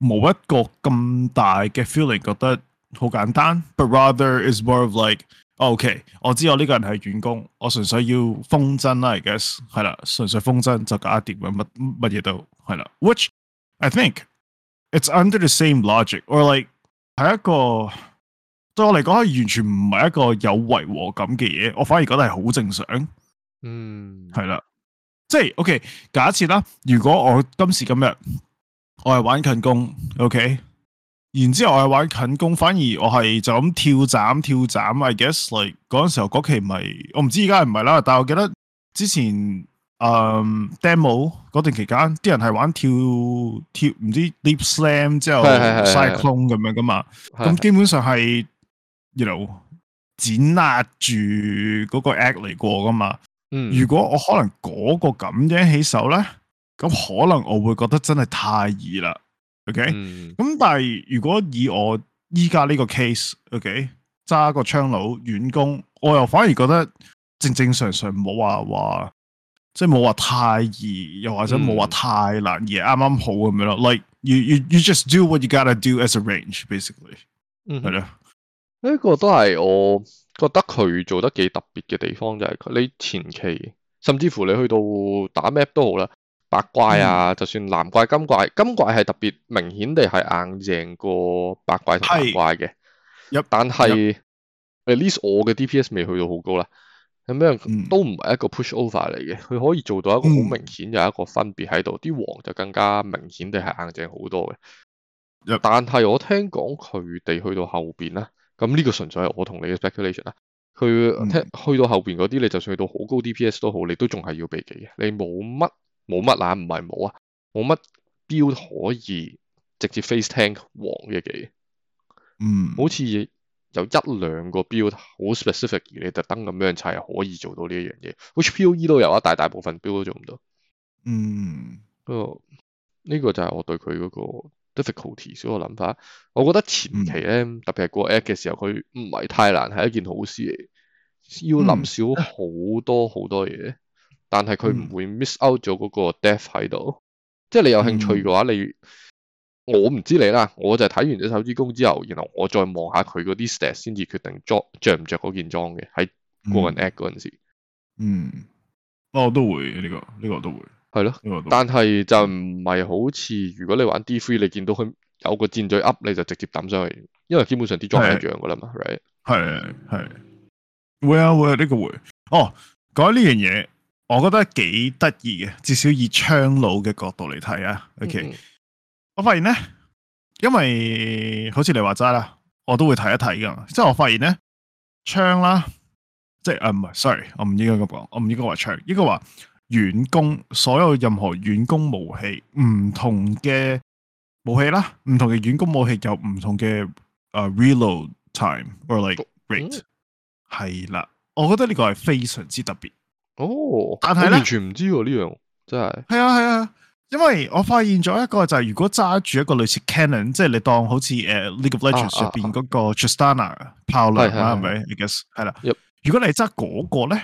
冇一個咁大嘅 feeling 覺，覺得好簡單，but rather is more of like，OK，、okay，我知道我呢個人係員工，我純粹要風箏啦，I guess 係啦，純粹風箏就搞得掂乜乜嘢都係啦，which I think it's under the same logic，or like 係一個對我嚟講，係完全唔係一個有違和感嘅嘢，我反而覺得係好正常，嗯，係啦，即係 OK，假設啦，如果我今時今日。我係玩近攻，OK，然之後我係玩近攻，反而我係就咁跳斬跳斬，I guess like 嗰陣時候嗰期咪我唔知而家係唔係啦，但係我記得之前嗯、呃、demo 嗰段期間，啲人係玩跳跳唔知 Leap Slam 之後 Cyclone 咁樣噶嘛，咁基本上係，you know 展壓住嗰個 act 嚟過噶嘛，嗯，如果我可能嗰個咁樣起手咧？咁可能我會覺得真係太易啦，OK？咁、嗯、但係如果以我依家呢個 case，OK？、Okay? 揸個槍佬遠攻，我又反而覺得正正常常唔好話話，即係冇話太易，又或者冇話太難。而啱啱好咁樣咯 like you you you just do what you gotta do as a range basically 嗯哼。嗯，係呢個都係我覺得佢做得幾特別嘅地方就係、是，你前期甚至乎你去到打 map 都好啦。白怪啊，嗯、就算藍怪、金怪，金怪係特別明顯地係硬淨過白怪同藍怪嘅。是 yep，但係 at least 我嘅 DPS 未去到好高啦，咁樣、嗯、都唔係一個 push over 嚟嘅。佢可以做到一個好明顯嘅一個分別喺度，啲、嗯、黃就更加明顯地係硬淨好多嘅。Yep，但係我聽講佢哋去到後邊啦，咁呢個純粹係我同你嘅 speculation 啦。佢聽、嗯、去到後邊嗰啲，你就算去到好高 DPS 都好，你都仲係要避忌嘅，你冇乜。冇乜啊，唔係冇啊，冇乜標可以直接 face tank 黃嘅嘢，嗯，好似有一兩個標好 specific，你特登咁樣砌係可以做到呢一樣嘢，好似 POE 都有啊，大大部分標都做唔到，嗯，呢個呢個就係我對佢嗰個 difficulties 嗰個諗法，我覺得前期咧，特別係嗰個 app 嘅時候，佢唔係太難，係一件好事嚟，要諗少好多好多嘢。嗯嗯。但係佢唔會 miss out 咗嗰個 death 喺度，嗯、即係你有興趣嘅話你，嗯、我你我唔知你啦，我就睇完咗手指公之後，然後我再望下佢嗰啲 stats 先至決定着唔着嗰件裝嘅喺個人 act 嗰陣時候嗯。嗯，我、哦、都會呢、這個呢、這個都會係咯，的但係就唔係好似如果你玩 D3，你見到佢有個箭嘴 up，你就直接抌上去，因為基本上啲裝係一樣噶啦嘛，right？係係會啊會啊呢、這個會哦，講呢樣嘢。我覺得幾得意嘅，至少以槍佬嘅角度嚟睇啊。OK，、嗯、我發現咧，因為好似你話齋啦，我都會睇一睇噶。即係我發現咧，槍啦，即係啊唔係，sorry，我唔應該咁講，我唔應該話槍，應該話遠攻，所有任何遠攻武器，唔同嘅武器啦，唔同嘅遠攻武器有唔同嘅啊、uh, reload time or like rate、嗯。係啦，我覺得呢個係非常之特別。哦，但係咧，完全唔知呢樣，啊，真係係啊係啊，因為我發現咗一個就係，如果揸住一個類似 Cannon 即係你當好似誒 League of Legends 入邊嗰個 Tristana 炮輪啦，係咪、啊、？Guess 係啦，啊，如果你揸嗰個咧，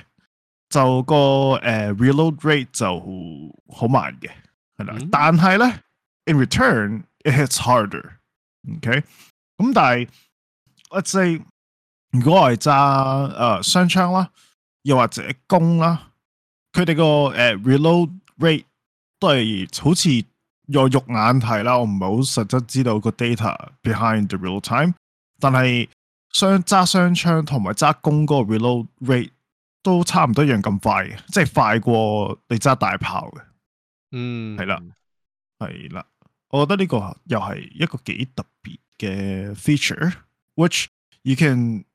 就、那個誒、uh, Reload Rate 就好慢嘅，係啦，啊。嗯、但係咧，In return it hits harder okay?OK，咁但係，Let's say 如果我揸誒雙槍啦。又或者弓啦，佢哋個誒 reload rate 都係好似用肉眼睇啦，我唔係好實質知道個 data behind the real time，但係雙揸雙槍同埋揸弓嗰個 reload rate 都差唔多一樣咁快嘅，即係快過你揸大炮嘅。嗯，係啦，係啦，我覺得呢個又係一個幾特別嘅 feature，which you can。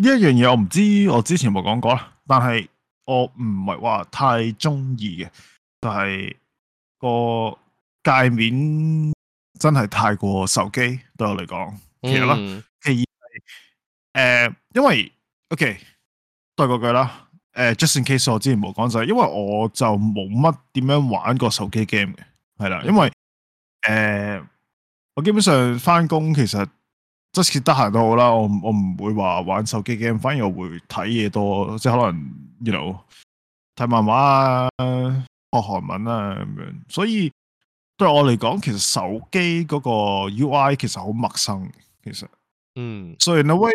呢一樣嘢我唔知，我之前冇講過啦。但係我唔係話太中意嘅，就係、是、個界面真係太過手機對我嚟講。其實啦，嗯、其二係、呃、因為 OK 都係嗰句啦。誒、呃、just in case 我之前冇講就係因為我就冇乜點樣玩過手機 game 嘅，係啦，嗯、因為誒、呃、我基本上翻工其實。即使得閒都好啦，我我唔會話玩手機 game，反而我會睇嘢，多，即係可能，you know，睇漫畫啊，學韓文啊咁樣。所以對我嚟講，其實手機嗰個 UI 其實好陌生。其實，嗯，所以 in a way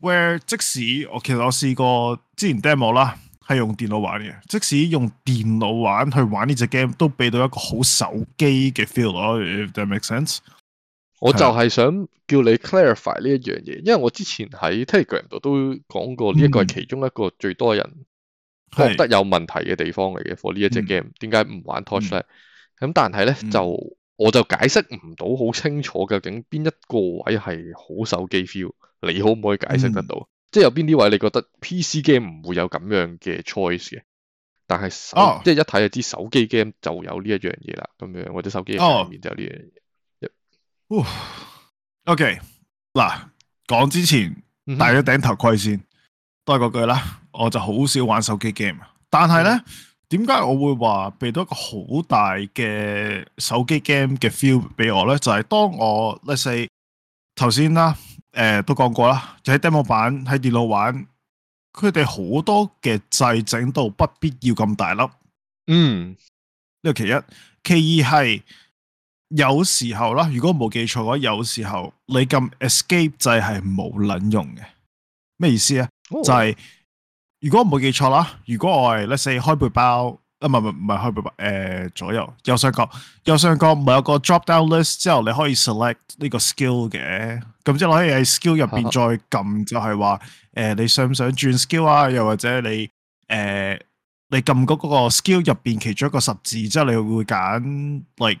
where 即使我其實我試過之前 demo 啦，係用電腦玩嘅，即使用電腦玩去玩呢隻 game，都俾到一個好手機嘅 feel 咯。If that makes sense？我就係想叫你 clarify 呢是一樣嘢，因為我之前喺 Telegram 度都講過呢一、嗯、個係其中一個最多人覺得有問題嘅地方嚟嘅。for 是呢一隻 game，點解唔玩 torch 咧？咁、嗯、但係咧、嗯、就我就解釋唔到好清楚究竟邊一個位係好手機 feel，你可唔可以解釋得到？嗯、即係有邊啲位你覺得 PC game 唔會有咁樣嘅 choice 嘅？但係、哦、即係一睇就知手機 game 就有呢一樣嘢啦。咁樣或者手機 game 入面就有呢樣嘢。哦 O K，嗱，講之前戴咗頂頭盔先，mm hmm. 都係嗰句啦。我就好少玩手機 game，但係咧，點解、mm hmm. 我會話俾到一個好大嘅手機 game 嘅 feel 俾我咧？就係、是、當我，let's say 頭先啦，誒、呃、都講過啦，就喺 demo 版喺電腦玩，佢哋好多嘅製整到不必要咁大粒。嗯、mm，呢、hmm. 個其一，其二係。有時候啦，如果冇記錯嘅話，有時候你撳 escape 掣係冇撚用嘅。咩意思啊？Oh. 就係如果我冇記錯啦，如果我係 let’s say 開背包，啊唔係唔係唔係開背包，誒、呃、左右右上角右上角唔係有一個 drop down list 之後，你可以 select 呢個 skill 嘅，咁即係可以喺 skill 入邊再撳，oh. 就係話誒你想唔想轉 skill 啊？又或者你誒、呃、你撳嗰個 skill 入邊其中一個十字之後，你會揀 like。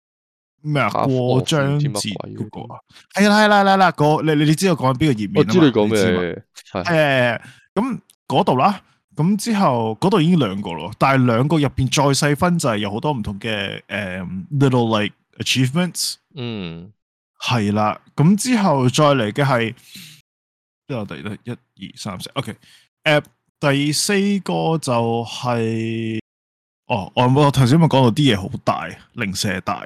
咩啊？過章字嗰個啊，係啦係啦係啦，嗰，你你你知道講緊邊個頁面啊？我知你講咩？誒，咁嗰度啦，咁之後嗰度已經兩個咯，但係兩個入邊再細分就係有好多唔同嘅，誒，little like achievements。嗯，係啦，咁之後再嚟嘅係，即係我哋咧一二三四。OK，誒第四個就係，哦，我我頭先咪講到啲嘢好大，零舍大。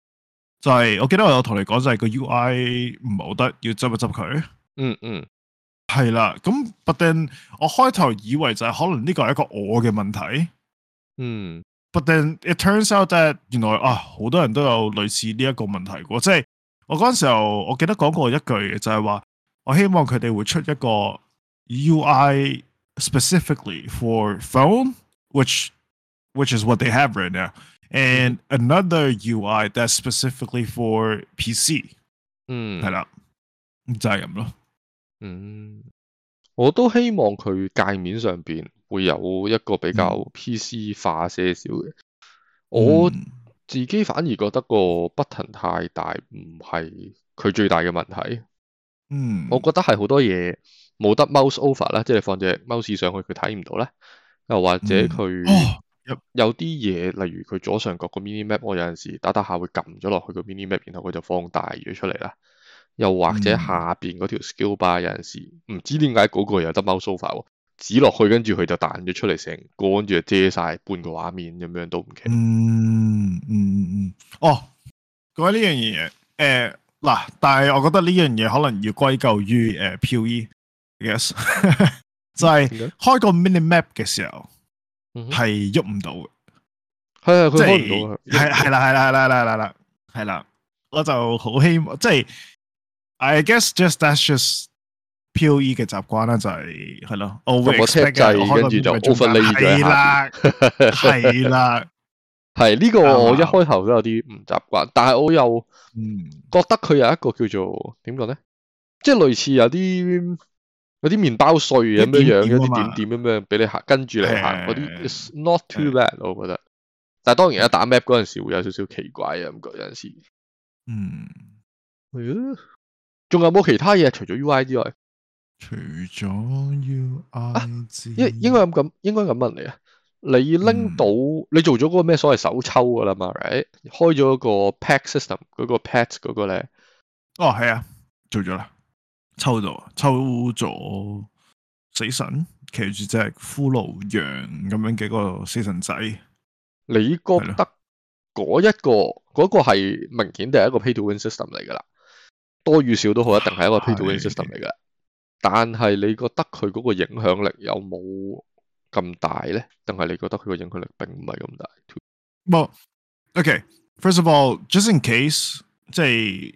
就係，我記得我有同你講，就係個 UI 唔係好得，要執一執佢。嗯嗯，係啦。咁 But then 我開頭以為就係可能呢個係一個我嘅問題。嗯。But then it turns out that 原來啊，好多人都有類似呢一個問題嘅，即係我嗰陣時候，我記得講過一句嘅，就係話我希望佢哋會出一個 UI specifically for phone，which which is what they have right now。and another UI that's specifically for PC，嗯，係啦，就係咁囉。嗯，我都希望佢界面上面會有一個比較 PC 化些少嘅。嗯，我自己反而覺得個 button 太大唔係佢最大嘅問題。嗯，我覺得係好多嘢冇得 mouse over 啦，即係放隻 mouse 上去佢睇唔到咧，又或者佢。嗯有啲嘢，例如佢左上角個 mini map，我有陣時打打下，會撳咗落去個 mini map，然後佢就放大咗出嚟啦。又或者下邊嗰條 skill bar，有陣時唔、嗯、知點解嗰個有得貓 sofa，指落去跟住佢就彈咗出嚟，成個跟住就遮晒半個畫面咁樣都唔奇。嗯嗯嗯嗯，哦，呢樣嘢，誒、呃、嗱，但係我覺得呢樣嘢可能要歸咎於誒 POE, I guess，就係開個 mini map 嘅時候。係喐唔到嘅，係佢開唔到嘅，係係啦係啦係啦係啦係啦係啦，係啦，我就好希望即係，I guess just that's just P O E 嘅習慣啦，就係係咯，我車掣跟住就 buffer 啦，係啦，係呢個我一開頭都有啲唔習慣，但係我又覺得佢有一個叫做點講咧，即係類似有啲。嗰啲麵包碎咁樣樣，嗰啲點點咁樣俾你行，跟住你行嗰啲，It's not too bad，嗯、我覺得。但係當然一打 map 嗰陣時會有少少奇怪啊，唔覺有陣時。嗯。誒、哎，仲有冇其他嘢？除咗 UI 之外，除咗 UI。應應該咁，應該咁問你啊。你拎到、嗯、你做咗嗰個咩所謂手抽噶啦嘛？right 開咗一個 pack system，嗰個 pack 嗰個咧。哦，係啊。做咗啦。抽咗，抽咗死神騎住隻骷髏羊咁樣嘅個死神仔。你覺得嗰、嗰個、是的 一個嗰個係明顯係一個 pay-to-win system 嚟噶啦，多與少都好，一定係一個 pay-to-win system 嚟噶。是的 但係你覺得佢嗰個影響力有冇咁大咧？定係你覺得佢個影響力並唔係咁大？冇。Okay, first of all, just in case, 即係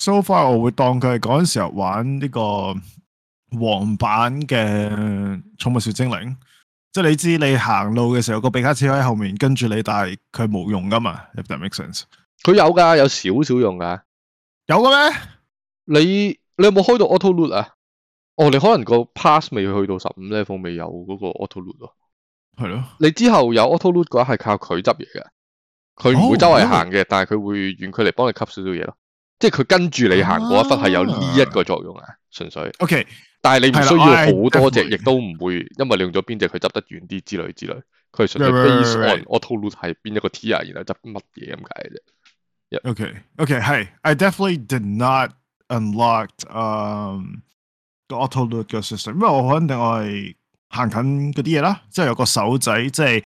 So far 我會當佢係嗰陣時候玩呢個黃版嘅寵物小精靈，即係你知你行路嘅時候個皮卡丘喺後面跟住你，但佢冇用噶嘛？If that makes sense？佢有噶，有少少用噶，有嘅咩？你你有冇開到 auto loot 啊？哦，你可能個 pass 未去到十五 level，未有嗰個 auto loot 咯。係咯的，你之後有 auto loot 嘅話係靠佢執嘢嘅，佢唔會周圍行嘅，oh, oh. 但係佢會遠距離幫你吸少少嘢咯。即係佢跟住你行嗰一忽係有呢一個作用啊，純粹。O Okay , K，但係你唔需要好多隻，亦 I definitely, 都唔會，因為你用咗邊隻佢執得遠啲之類之類，佢係純粹 baseline 我透露係邊一個 T 啊，然後執乜嘢咁解啫。O K，OK，Hi，I definitely did not unlock um the auto loot system，因為我肯定我係行緊啲嘢啦，即係有個手仔，即係。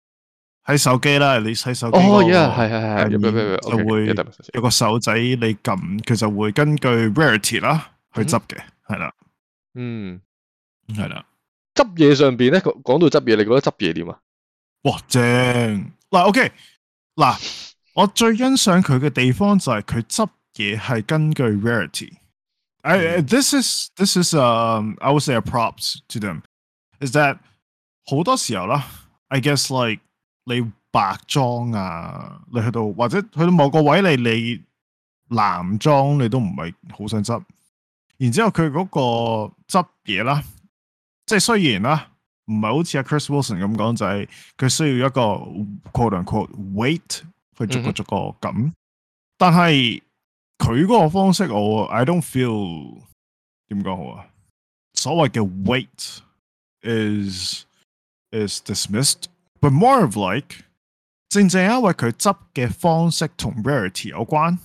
喺手機啦，你喺手機哦，一樣係係係，唔會唔會就會有個手仔你撳，佢就會根據 rarity 啦去執嘅，係啦，嗯，係啦，執嘢上邊咧，講到執嘢，你覺得執嘢點啊？哇正嗱，OK 嗱，我最欣賞佢嘅地方就係佢執嘢係根據 rarity，誒，this is this is um I will say a props to them is that 好多時候啦，I guess like 你白裝啊！你去到或者去到某個位嚟，你男裝你都唔係好想執。然之後佢嗰個執嘢啦，即係雖然啦，唔係好似阿 Chris Wilson 咁講，就係、是、佢需要一個 quote unquote weight 去逐個逐個咁。Mm hmm. 但係佢嗰個方式，我 I don't feel 點講好啊？所謂嘅 weight is is dismissed。But more of like，正正因為佢執嘅方式同 rarity 有關，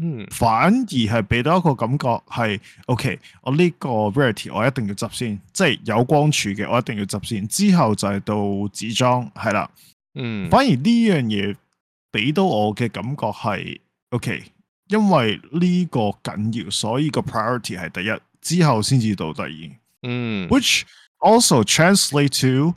嗯，反而係俾到一個感覺係，OK，我呢個 rarity 我一定要執先，即係有光柱嘅我一定要執先，之後就係到紫裝係啦，嗯，反而呢樣嘢俾到我嘅感覺係，OK，因為呢個緊要，所以個 priority 係第一，之後先至到第二，嗯，which also translate to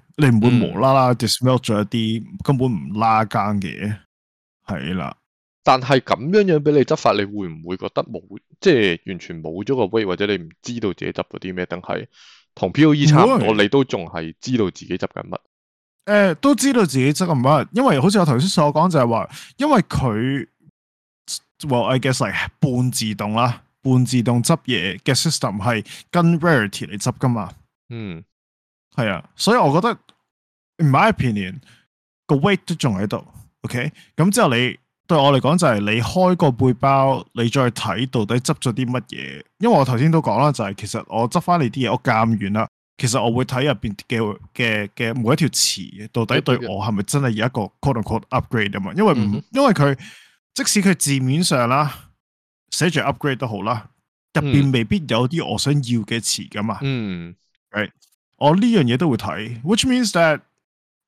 你唔會無啦啦 dismiss 咗一啲根本唔拉更嘅，係啦、嗯。的但係咁樣樣俾你執法，你會唔會覺得冇，即、就、係、是、完全冇咗個威，或者你唔知道自己執嗰啲咩？等係同 P.O.E 差唔多、嗯、你都仲係知道自己執緊乜？誒、呃，都知道自己執緊乜，因為好似我頭先所講就係話，因為佢，我 guess like, 半自動啦，半自動執嘢嘅 system 係跟 rarity 嚟執噶嘛。嗯，係啊，所以我覺得。In my opinion，個 weight 都仲喺度，OK？咁、嗯、之後你對我嚟講就係你開個背包，你再睇到底執咗啲乜嘢。因為我頭先都講啦，就係、是、其實我執翻你啲嘢，我鑑斷啦。其實我會睇入邊嘅嘅嘅每一條詞，到底對我係咪真係有一個 quote u n quote upgrade 啊嘛？因為唔、mm hmm. 因為佢即使佢字面上啦寫住 upgrade 都好啦，入邊未必有啲我想要嘅詞噶嘛。嗯、mm，係、hmm.，right? 我呢樣嘢都會睇、mm hmm.，which means that。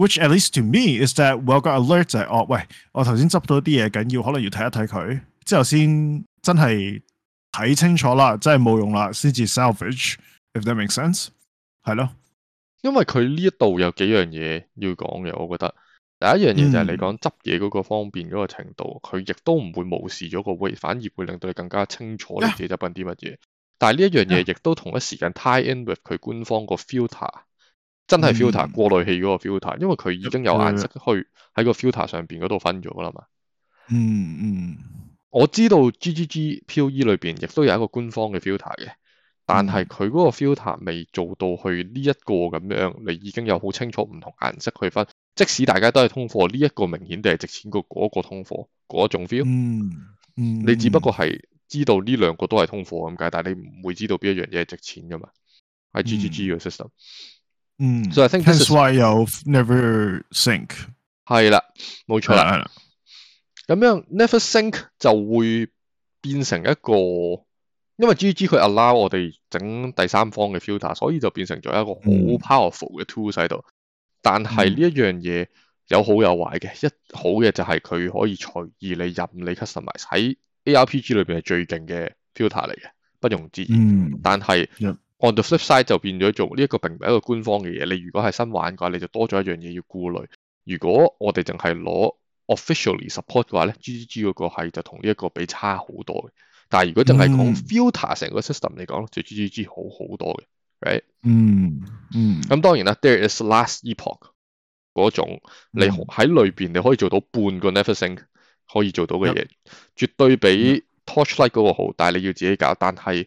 which at least to me is that well got alert 就係、是、哦、oh, 喂，我頭先執到啲嘢緊要，可能要睇一睇佢，之後先真係睇清楚啦，真係冇用啦，先至 salvage。If that makes sense？係咯，因為佢呢一度有幾樣嘢要講嘅，我覺得第一樣嘢就係你講執嘢嗰個方便嗰個程度，佢亦、嗯、都唔會無視咗個 way，反而會令到你更加清楚你自己執緊啲乜嘢。啊、但係呢一樣嘢亦都同一時間 tie in with 佢官方個 filter。真係 filter、嗯、過濾器嗰個 filter，因為佢已經有顏色去喺個 filter 上邊嗰度分咗噶啦嘛。嗯嗯，我知道、GG、G G G POE 裏邊亦都有一個官方嘅 filter 嘅，但係佢嗰個 filter 未做到去呢一個咁樣，你已經有好清楚唔同顏色去分。即使大家都係通貨，呢、這、一個明顯地係值錢過嗰個通貨嗰種 feel、嗯。嗯、你只不過係知道呢兩個都係通貨咁解，但係你唔會知道邊一樣嘢係值錢噶嘛？喺 G G G 個 system。嗯嗯嗯，就係 think，hence why 有 NeverSink，係啦，冇錯啦，咁樣 NeverSink 就會變成一個，因為 GGG 佢 allow 我哋整第三方嘅 filter，所以就變成咗一個好 powerful 嘅 tool 喺度。但係呢一樣嘢有好有壞嘅，一好嘅就係佢可以隨意你任你 customize 喺 ARPG 裏邊係最勁嘅 filter 嚟嘅，不容置疑。嗯，但係。On the flip side 就變咗做呢一、這個並唔係一個官方嘅嘢。你如果係新玩嘅話，你就多咗一樣嘢要顧慮。如果我哋淨係攞 officially support 嘅話咧，GGG 嗰個係就同呢一個比差好多嘅。但係如果淨係講 filter 成個 system 嚟講，就 GGG 好好多嘅。Right？嗯、mm. mm. 嗯。咁當然啦，There is last epoch 嗰種，你喺裏邊你可以做到半個 Never Sink 可以做到嘅嘢，Yep. 絕對比 Torchlight 嗰個好，但係你要自己搞。但係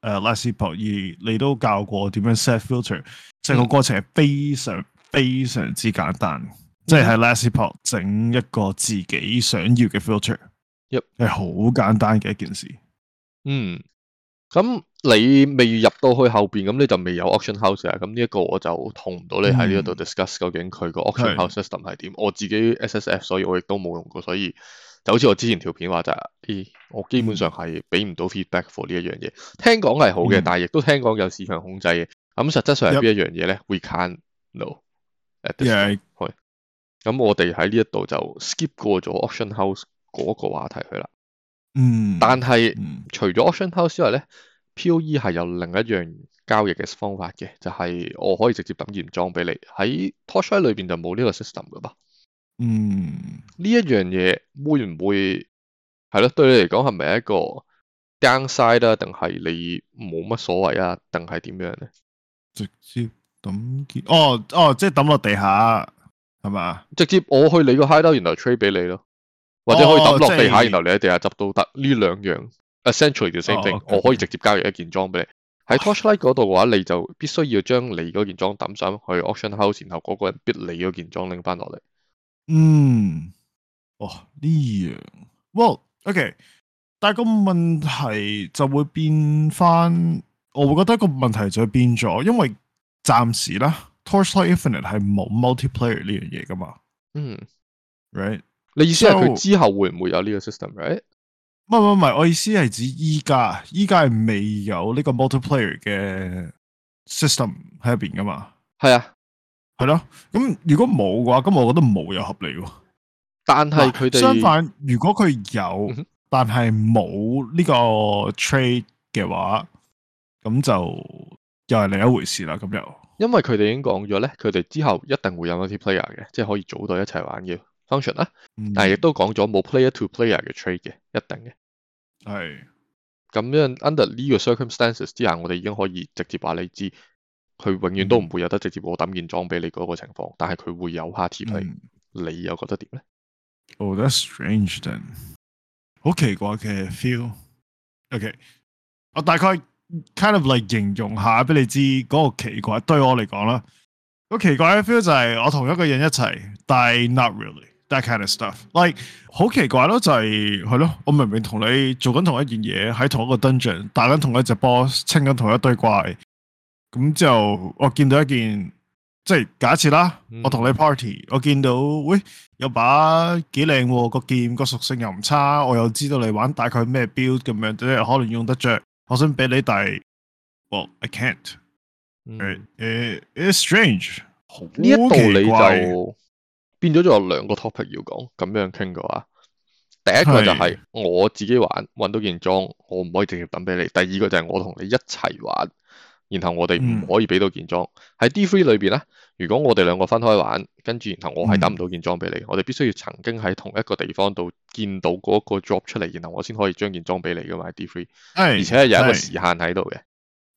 誒、uh、Last Epoch，而你都教過點樣 set filter，即係、嗯、個過程係非常非常之簡單，即係喺、嗯、Last Epoch 整一個自己想要嘅 filter，一係好、嗯、簡單嘅一件事。嗯，咁、嗯、你未入到去後邊，咁你就未有 auction house 啊，咁呢一個我就同唔到你喺呢一度 discuss 究竟佢個 auction house、嗯、system 係點。是我自己 SSF，所以我亦都冇用過所以。就好似我之前條片話就是，咦、哎，我基本上係俾唔到 feedback for 呢一樣嘢。聽講係好嘅，嗯、但係亦都聽講有市場控制嘅。咁實質上係邊一樣嘢咧？We can't know at this point。咁我哋喺呢一度就 skip 過咗 auction house 嗰個話題去啦。嗯。但係除咗 auction house 之外咧，POE 係有另一樣交易嘅方法嘅，就係、是、我可以直接抌現裝俾你。喺 Torchlight 裏邊就冇呢個 system 噶嘛。嗯，呢一樣嘢會唔會係咯？對你嚟講係咪一個 downside 啊？定係你冇乜所謂啊？定係點樣咧？直接抌哦哦，即係抌落地下係嘛？是直接我去你個 hideout，然後 trade 俾你咯，或者可以抌落地下，哦就是、然後你喺地下執都得。呢兩樣 essentially the same thing，哦 okay. 我可以直接交易一件裝俾你。喺 Torchlight 嗰度嘅話，唉你就必須要將你嗰件裝抌上去 auction house，然後嗰個人俾你嗰件裝拎翻落嚟。嗯，哦呢樣，well, okay, 但係個問題就會變翻，我會覺得個問題就會變咗，因為暫時啦，Torchlight、嗯、Infinite 係冇 multiplayer 呢樣嘢噶嘛，嗯，right，你意思係佢之後會唔會有呢個 system，right？So, 唔唔唔，我意思係指依家，依家係未有呢個 multiplayer 嘅 system 喺入邊噶嘛，係啊。係咯，咁如果冇嘅話，咁我覺得冇又合理喎。但係佢哋相反，如果佢有，嗯、哼但係冇呢個 trade 嘅話，咁就又係另一回事啦。咁又因為佢哋已經講咗咧，佢哋之後一定會有啲 player 嘅，即係可以組隊一齊玩嘅 function 啦、嗯。但係亦都講咗冇 player to player 嘅 trade 嘅，一定嘅。係咁是樣 under 呢個 circumstances 之下，我哋已經可以直接話你知。佢永遠都唔會有得直接我抌件裝俾你嗰個情況，但係佢會有下貼你又覺得點咧？Oh, that's strange. Then 好奇怪嘅 feel. o、okay. k 我大概 kind of l、like、形容下俾你知嗰個奇怪，對我嚟講啦。好奇怪嘅 feel 就係我同一個人一齊，但係 not really that kind of stuff。Like 好奇怪咯、就係，就係咯，我明明同你做緊同一件嘢，喺同一個 dungeon 打緊同一隻 boss，清緊同一堆怪。咁就我見到一件，即係假設啦，我同你 party，、嗯、我見到喂、哎、有把幾靚個劍，個屬性又唔差，我又知道你玩大概咩 build 咁樣，即可能用得着，我想俾你但係我 I can't，誒誒，It's strange 呢一度你就變咗有兩個 topic 要講，咁樣傾嘅話，第一個就係我自己玩，揾是到件裝，我唔可以直接等俾你；第二個就係我同你一齊玩。然後我哋唔可以俾到件裝喺、嗯、D3 裏邊咧。如果我哋兩個分開玩，跟住然後我係打唔到件裝俾你。嗯、我哋必須要曾經喺同一個地方度見到嗰個 drop 出嚟，然後我先可以將件裝俾你噶嘛。D3 而且有一個時限喺度嘅。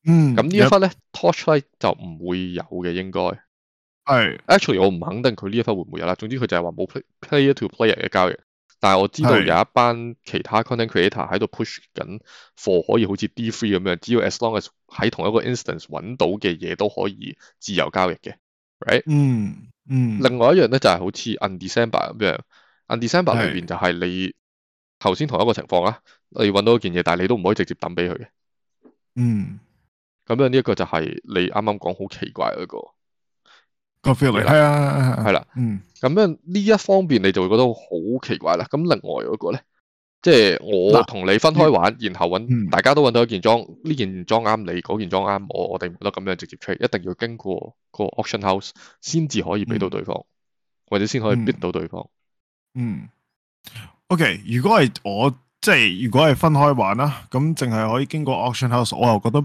嗯，咁呢一忽咧、嗯、torchlight 就唔會有嘅，應該係。嗯、Actually，我唔肯定佢呢一忽會唔會有啦。總之佢就係話冇 player to player 嘅交易。但係我知道有一班其他 content creator 喺度 push 緊貨，可以好似 D3 咁樣，只要 as long as 喺同一個 instance 揾到嘅嘢都可以自由交易嘅，嗯、right？嗯，嗯，另外一樣咧就係好似 Undecember 咁樣，Undecember 裏邊就係你頭先同一個情況啦，你揾到一件嘢，但係你都唔可以直接抌俾佢嘅。嗯，咁樣呢一個就係你啱啱講好奇怪嗰個。個 feel 嚟、like、係了啊，係啦、啊，嗯，咁樣呢一方面，你就會覺得好奇怪啦。咁另外嗰個咧，即、就、係、是、我同你分開玩，啊、然後搵、嗯、大家都搵到一件裝，呢、嗯、件裝啱你，嗰件裝啱我，我哋唔得咁樣直接 trade，一定要經過個 auction house 先至可以俾到對方，嗯、或者先可以 bit 到對方。嗯，嗯，OK，如果係我即係如果係分開玩啦，咁淨係可以經過 auction house，嗯、我又覺得。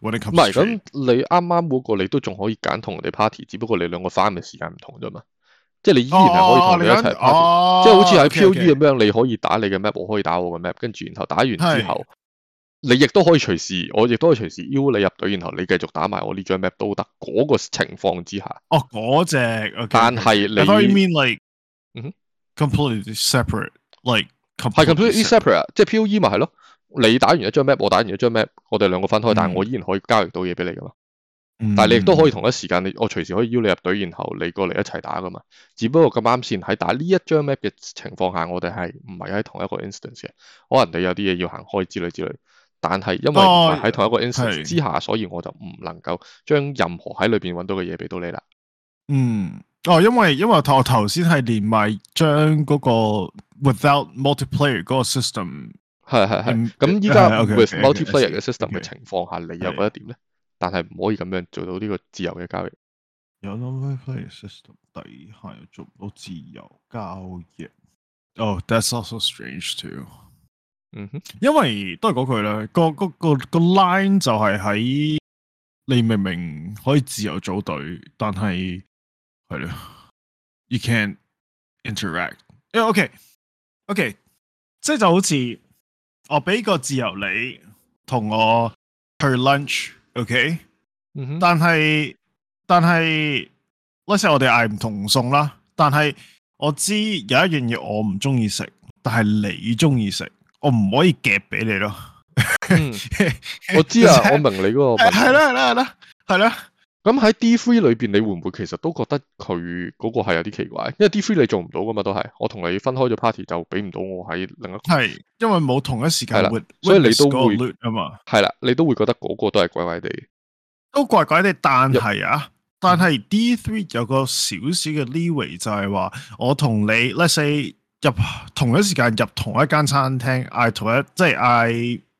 唔係咁，你啱啱嗰個你都仲可以揀同人哋 party，只不過你兩個翻嘅時間唔同啫嘛。即係你依然係可以同我哋一齊 party，、oh, 即係好似喺 PoE 咁 okay, okay. 樣，你可以打你嘅 map，我可以打我嘅 map，跟住然後打完之後，是你亦都可以隨時，我亦都可以隨時邀你入隊，然後你繼續打埋我呢張 map 都得。嗰、這個情況之下，哦、oh, okay.，嗰隻、like, mm，但係你，I mean like，completely separate，like，係 completely separate，即係 PoE 嘛，係咯。你打完一張 map，我打完一張 map，我哋兩個分開，但係我依然可以交易到嘢俾你噶嘛？嗯、但係你亦都可以同一時間，你我隨時可以邀你入隊，然後你過嚟一齊打噶嘛？只不過咁啱先喺打呢一張 map 嘅情況下，我哋係唔係喺同一個 instance 嘅，可能你有啲嘢要行開之類之類。但係因為喺同一個 instance 之下，哦、所以我就唔能夠將任何喺裏邊揾到嘅嘢俾到你啦。嗯，哦，因為因為我頭先係連埋將嗰個 without multiplayer 嗰個 system。係係係，咁依家 multiplayer 嘅 system 嘅情況下，你又覺得點咧？是的 但係唔可以咁樣做到呢個自由嘅交易。有咁嘅 system 底下又做唔到自由交易。哦、oh, that's also strange too. 嗯哼，因為都係嗰句啦，個嗰個 line 就係喺你明明可以自由組隊，但係係咯，you can't interact、哦。OK, OK，即係就好似。我俾個自由你同我去 lunch，OK？嗯哼。但係但係，我成日我哋嗌唔同餸啦。但係我知有一樣嘢我唔中意食，但係你中意食，我唔可以夾俾你咯。嗯、 我知啊，就是、我明你嗰個。係啦，係啦，係啦，係啦。咁喺 D three 裏邊你會唔會其實都覺得佢嗰個係有啲奇怪？因為 D three 你做唔到噶嘛，都係我同你分開咗 party 就俾唔到我喺另一係，因為冇同一時間，所以你都會啊嘛，係啦，你都會覺得嗰個都係怪怪地，都怪怪地。但係啊，入但係 D three 有個少少嘅 leeway 就係話我同你 Let say，同你，let's say 入同一時間入同一間餐廳，嗌同一即係嗌。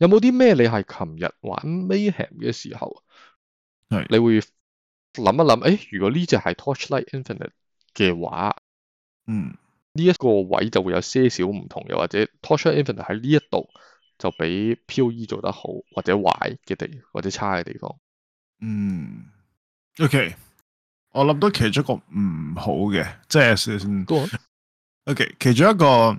有冇啲咩你係琴日玩 Mayhem 嘅時候，係是你會諗一諗，誒、欸，如果呢隻係 Torchlight Infinite 嘅話，嗯，呢一個位就會有些少唔同，嘅。或者 Torchlight Infinite 喺呢一度就比 POE 做得好或者壞嘅地或者差嘅地方。嗯，OK，我諗到其中一個唔好嘅，即係先，OK，其中一個。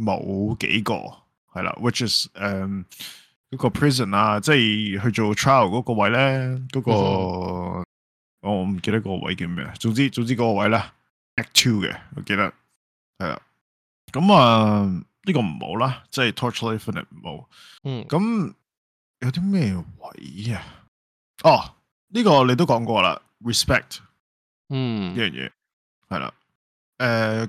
冇幾個係啦，which is 誒嗰個 prison 啊，即係去做 trial 嗰個位咧，嗰、那個、mm hmm. 哦、我唔記得個位叫咩，總之總之嗰個位呢、Act、Two 嘅，我記得係啊。咁啊，呢個唔好啦，即係 t o r t u r infinite 唔好。嗯，咁、這個 mm. 有啲咩位啊？哦，呢、這個你都講過啦，respect、mm.。嗯，呢樣嘢係啦，誒。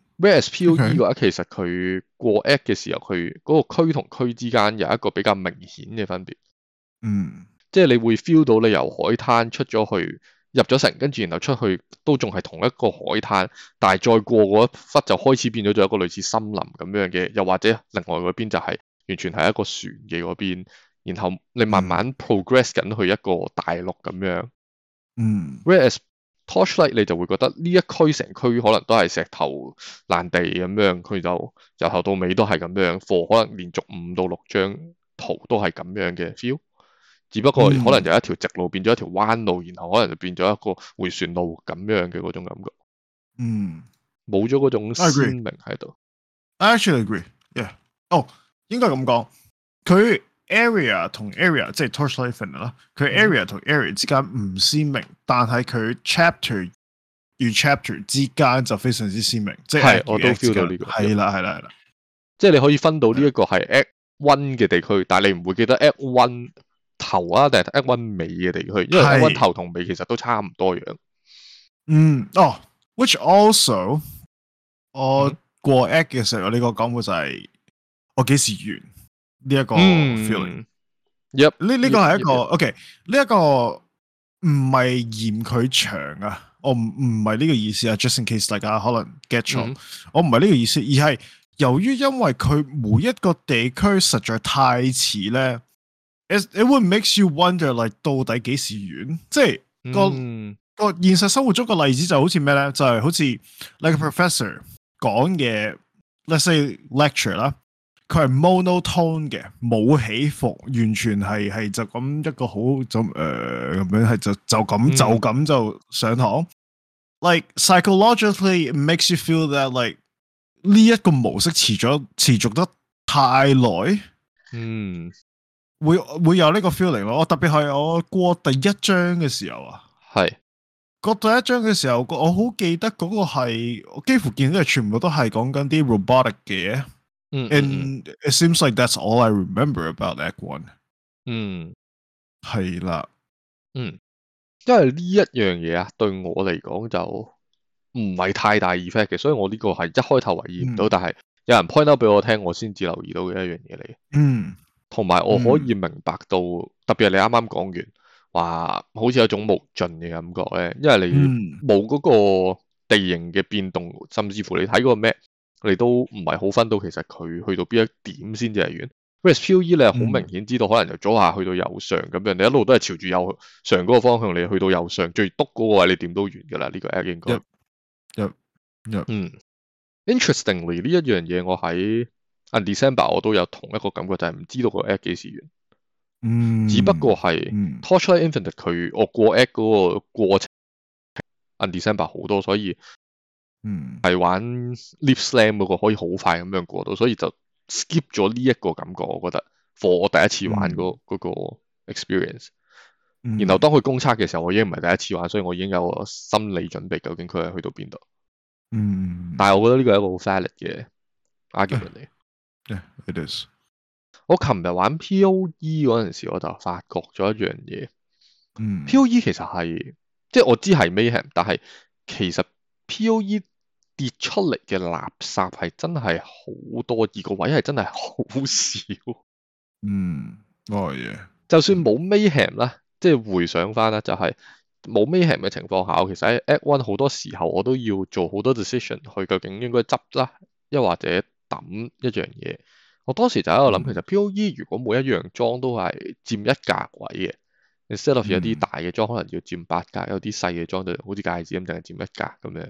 Whereas P.O.E. 嗰一其實佢過 X 嘅時候，佢嗰個區同區之間有一個比較明顯嘅分別，嗯，即係你會 feel 到你由海灘出咗去，入咗城，跟住然後出去都仲係同一個海灘，但係再過嗰一忽就開始變咗咗一個類似森林咁樣嘅，又或者另外嗰邊就係、是、完全係一個船嘅嗰邊，然後你慢慢 progress 緊去一個大陸咁樣，嗯 Whereas mm. Mm. torchlight 你就會覺得呢一區成區可能都係石頭爛地咁樣，佢就由頭到尾都係咁樣，貨可能連續五到六張圖都係咁樣嘅 feel，只不過可能就一條直路變咗一條彎路，然後可能就變咗一個迴旋路咁樣嘅嗰種感覺，嗯，冇咗嗰種鮮明喺度。Actually agree，yeah，哦，應該咁講，佢。Area 同 area 即係 Torchlight Infinite 啦，佢 area 同 area 之間唔鮮明，嗯、但係佢 chapter 與 chapter 之間就非常之鮮明。對即係我都 feel 到呢，、這個，係啦係啦係啦，即係了了你可以分到呢一個係 act one 嘅地區，對但係你唔會記得 act one 頭啊定係 act one 尾嘅地區，因為 act one 頭同尾其實都差唔多樣。嗯哦、oh,，which also 我過 act 嘅時候，嗯、我呢個感覺就係我幾時完？呢一個 feeling，y 一呢呢個係一個，OK，呢一個唔係嫌佢長啊，我唔唔係呢個意思啊，just in case 大家可能 get 錯，嗯、我唔係呢個意思，而係由於因為佢每一個地區實在太遲咧，it、嗯、it would make you wonder like 到底幾時遠？即係、嗯、個個現實生活中個例子就好似咩咧？就係、是、好似、嗯、like a professor 講嘅，let's say lecture 啦。佢係 monotone 嘅，冇起伏，完全係係就咁一個好就誒咁、呃、樣，係就就咁就咁就上堂。嗯、like psychologically it makes you feel that like 呢一個模式持續持續得太耐。嗯，會會有呢個 feeling 咯。特別係我過第一章嘅時候啊，係是過第一章嘅時候，我好記得嗰個係我幾乎見到係全部都係講緊啲 robotic 嘅。嗯，and it seems like that's all I remember about that one。嗯，係啦了。嗯，因為呢一樣嘢啊，對我嚟講就唔係太大 effect 嘅，所以我呢個係一開頭留意唔到，嗯、但係有人 point out 俾我聽，我先至留意到嘅一樣嘢嚟。嗯，同埋我可以明白到，嗯、特別係你啱啱講完，話好似有種無盡嘅感覺咧，因為你冇嗰個地形嘅變動，甚至乎你睇嗰個咩？你都唔係好分到，其實佢去到邊一點先至係完。POE 你係好明顯知道，可能由左下去到右上咁樣，你一路都係朝住右上嗰個方向，你去到右上最篤嗰個位，你點都完㗎啦。呢、這個 app 應該、yep, yep , yep. 嗯，interestingly 呢一樣嘢，Un、我喺 Undecember 我都有同一個感覺，就係、是、唔知道個 app 幾時完。嗯，mm, 只不過係 Torchlight Infinite 佢我過 app 嗰個過程、mm.，Undecember 好多，所以。嗯，係玩 Leap Slam 嗰個可以好快咁樣過到，所以就 skip 咗呢一個感覺。我覺得 for 我第一次玩嗰嗰個 experience，、嗯嗯、然後當佢公測嘅時候，我已經唔係第一次玩，所以我已經有個心理準備，究竟佢係去到邊度。嗯，但係我覺得呢個係一個好 valid 嘅 argument 嚟。啊啊、it is。我琴日玩 P.O.E 嗰陣時，我就發覺咗一樣嘢。嗯，P.O.E 其實係即係我知係 Mayhem 但係其實 P.O.E。跌出嚟嘅垃圾係真係好多，而個位係真係好少。嗯，啱嘅。就算冇 Mayhem 啦，即係回想翻啦，就係冇 Mayhem 嘅情況下，其實喺 At One 好多時候我都要做好多 decision 去究竟應該執啦，又或者抌一樣嘢。我當時就喺度諗，其實 POE 如果每一樣裝都係佔一格位嘅，instead of 有啲大嘅裝可能要占八格，有啲細嘅裝就好似戒指咁，淨係佔一格咁樣。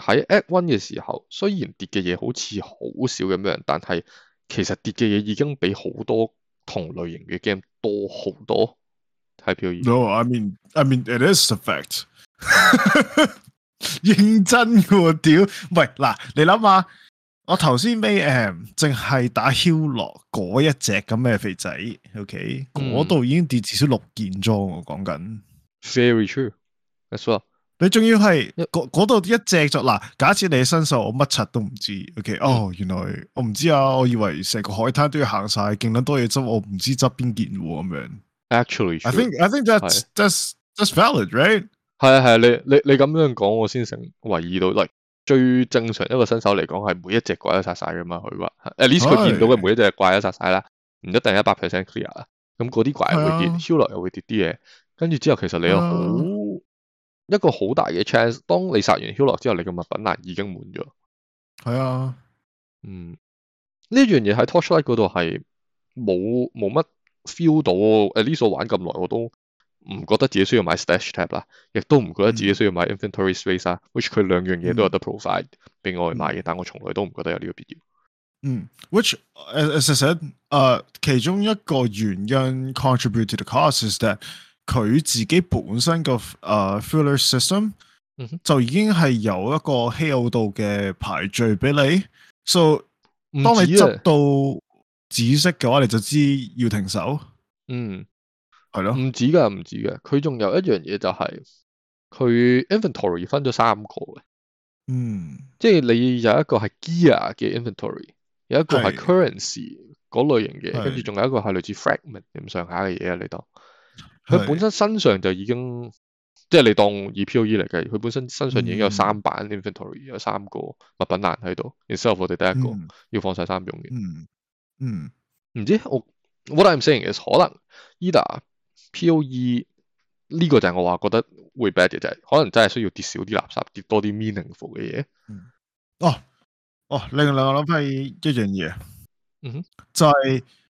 喺 Act One 嘅時候，雖然跌嘅嘢好似好少咁樣，但係其實跌嘅嘢已經比好多同類型嘅 game 多好多。太表演，No，I mean，I mean，it is a fact 。認真喎、啊、屌，喂！嗱，你諗下，我頭先俾誒淨係打《Hillock》嗰一隻咁嘅肥仔，OK，嗰度、嗯、已經跌至少六件裝喎，講緊。Very true。As well. 你仲要係嗰度一隻就嗱、啊，假設你係新手，我乜柒都唔知。O.K.，、嗯、哦，原來我唔知啊，我以為成個海灘都要行晒，勁撚多嘢執，我唔知執邊件喎咁樣。Actually，I think I think should. that's that's that's 是 that's valid，right？係啊係啊，你你你咁樣講，我先成懷疑到，嚟最正常一個新手嚟講，係每一隻怪都殺晒。噶嘛佢話，at least 佢見到嘅每一隻怪都殺晒啦，唔的一定一百 percent clear 啊。咁嗰啲怪又會跌，超落又會跌啲嘢，跟住之後其實你又好。嗯一個好大嘅 chance，當你殺完 hill 落之後，你嘅物品欄已經滿咗。係啊，嗯，呢樣嘢喺 Torchlight 嗰度係冇冇乜 feel 到。At least 我玩咁耐，我都唔覺得自己需要買 stash tab 啦，亦都唔覺得自己需要買 inventory space 啦、嗯。which 佢兩樣嘢都有得 provide 俾我去買嘅，嗯、但我從來都唔覺得有呢個必要。嗯，which as I said、uh, 其中一個原因 contributed to the cause is that。佢自己本身個誒 filter system 就已經係有一個稀有度嘅排序俾你，當、嗯哼 so, 當你執到紫色嘅話，你就知道要停手。嗯，係咯了，唔止嘅，唔止嘅，佢仲有一樣嘢就係、是、佢 inventory 分咗三個嘅，嗯，即係你有一個係 gear 嘅 inventory，有一個係 currency 嗰類型嘅，跟住仲有一個係類似 fragment 咁上下是嘅嘢啊，你當。佢本身身上就已經即係你當以 POE 嚟計，佢本身身上已經有三版 inventory，、嗯、有三個物品欄喺度。然之後我哋第一個要放晒三種嘅、嗯，嗯，唔知我 What I'm saying is 可能 Era P O E 呢個就係我話覺得會 bad 嘅，就係、是、可能真係需要跌少啲垃圾，跌多啲 meaningful 嘅嘢。哦、嗯、哦，另外我諗翻一樣嘢，嗯哼，在。就是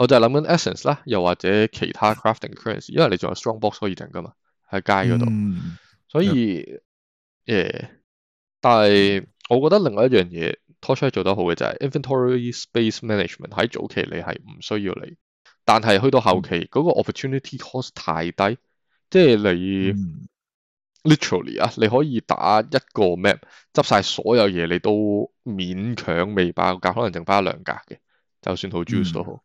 我就係諗緊 essence 啦，又或者其他 crafting currency，因為你仲有 strongbox 可以掟㗎嘛喺街嗰度，嗯、所以誒，嗯、yeah, 但係我覺得另外一樣嘢 Torchlight 做得好嘅就係 inventory space management 喺早期你係唔需要你，但係去到後期嗰、嗯、個 opportunity cost 太低，即係你 literally 啊，你可以打一個 map 執晒所有嘢，你都勉強未爆格，可能剩翻一兩格嘅，就算好 juice 都、嗯、好。。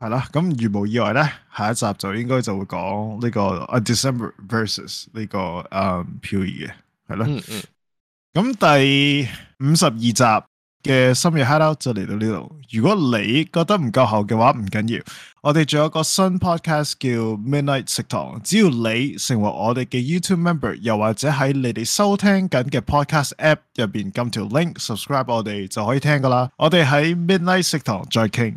係啦，咁如無意外咧，下一集就應該就會講呢個 December Versus 呢個、嗯、漂移嘅，係啦。咁、嗯嗯、第五十二集嘅深夜 Hideout 就嚟到呢度。如果你覺得唔夠好嘅話，唔緊要。我哋仲有個新 Podcast 叫 Midnight 食堂，只要你成為我哋嘅 YouTube Member，又或者喺你哋收聽緊嘅 Podcast App 入邊撳條 link subscribe 我哋就可以聽噶啦。我哋喺 Midnight 食堂再傾。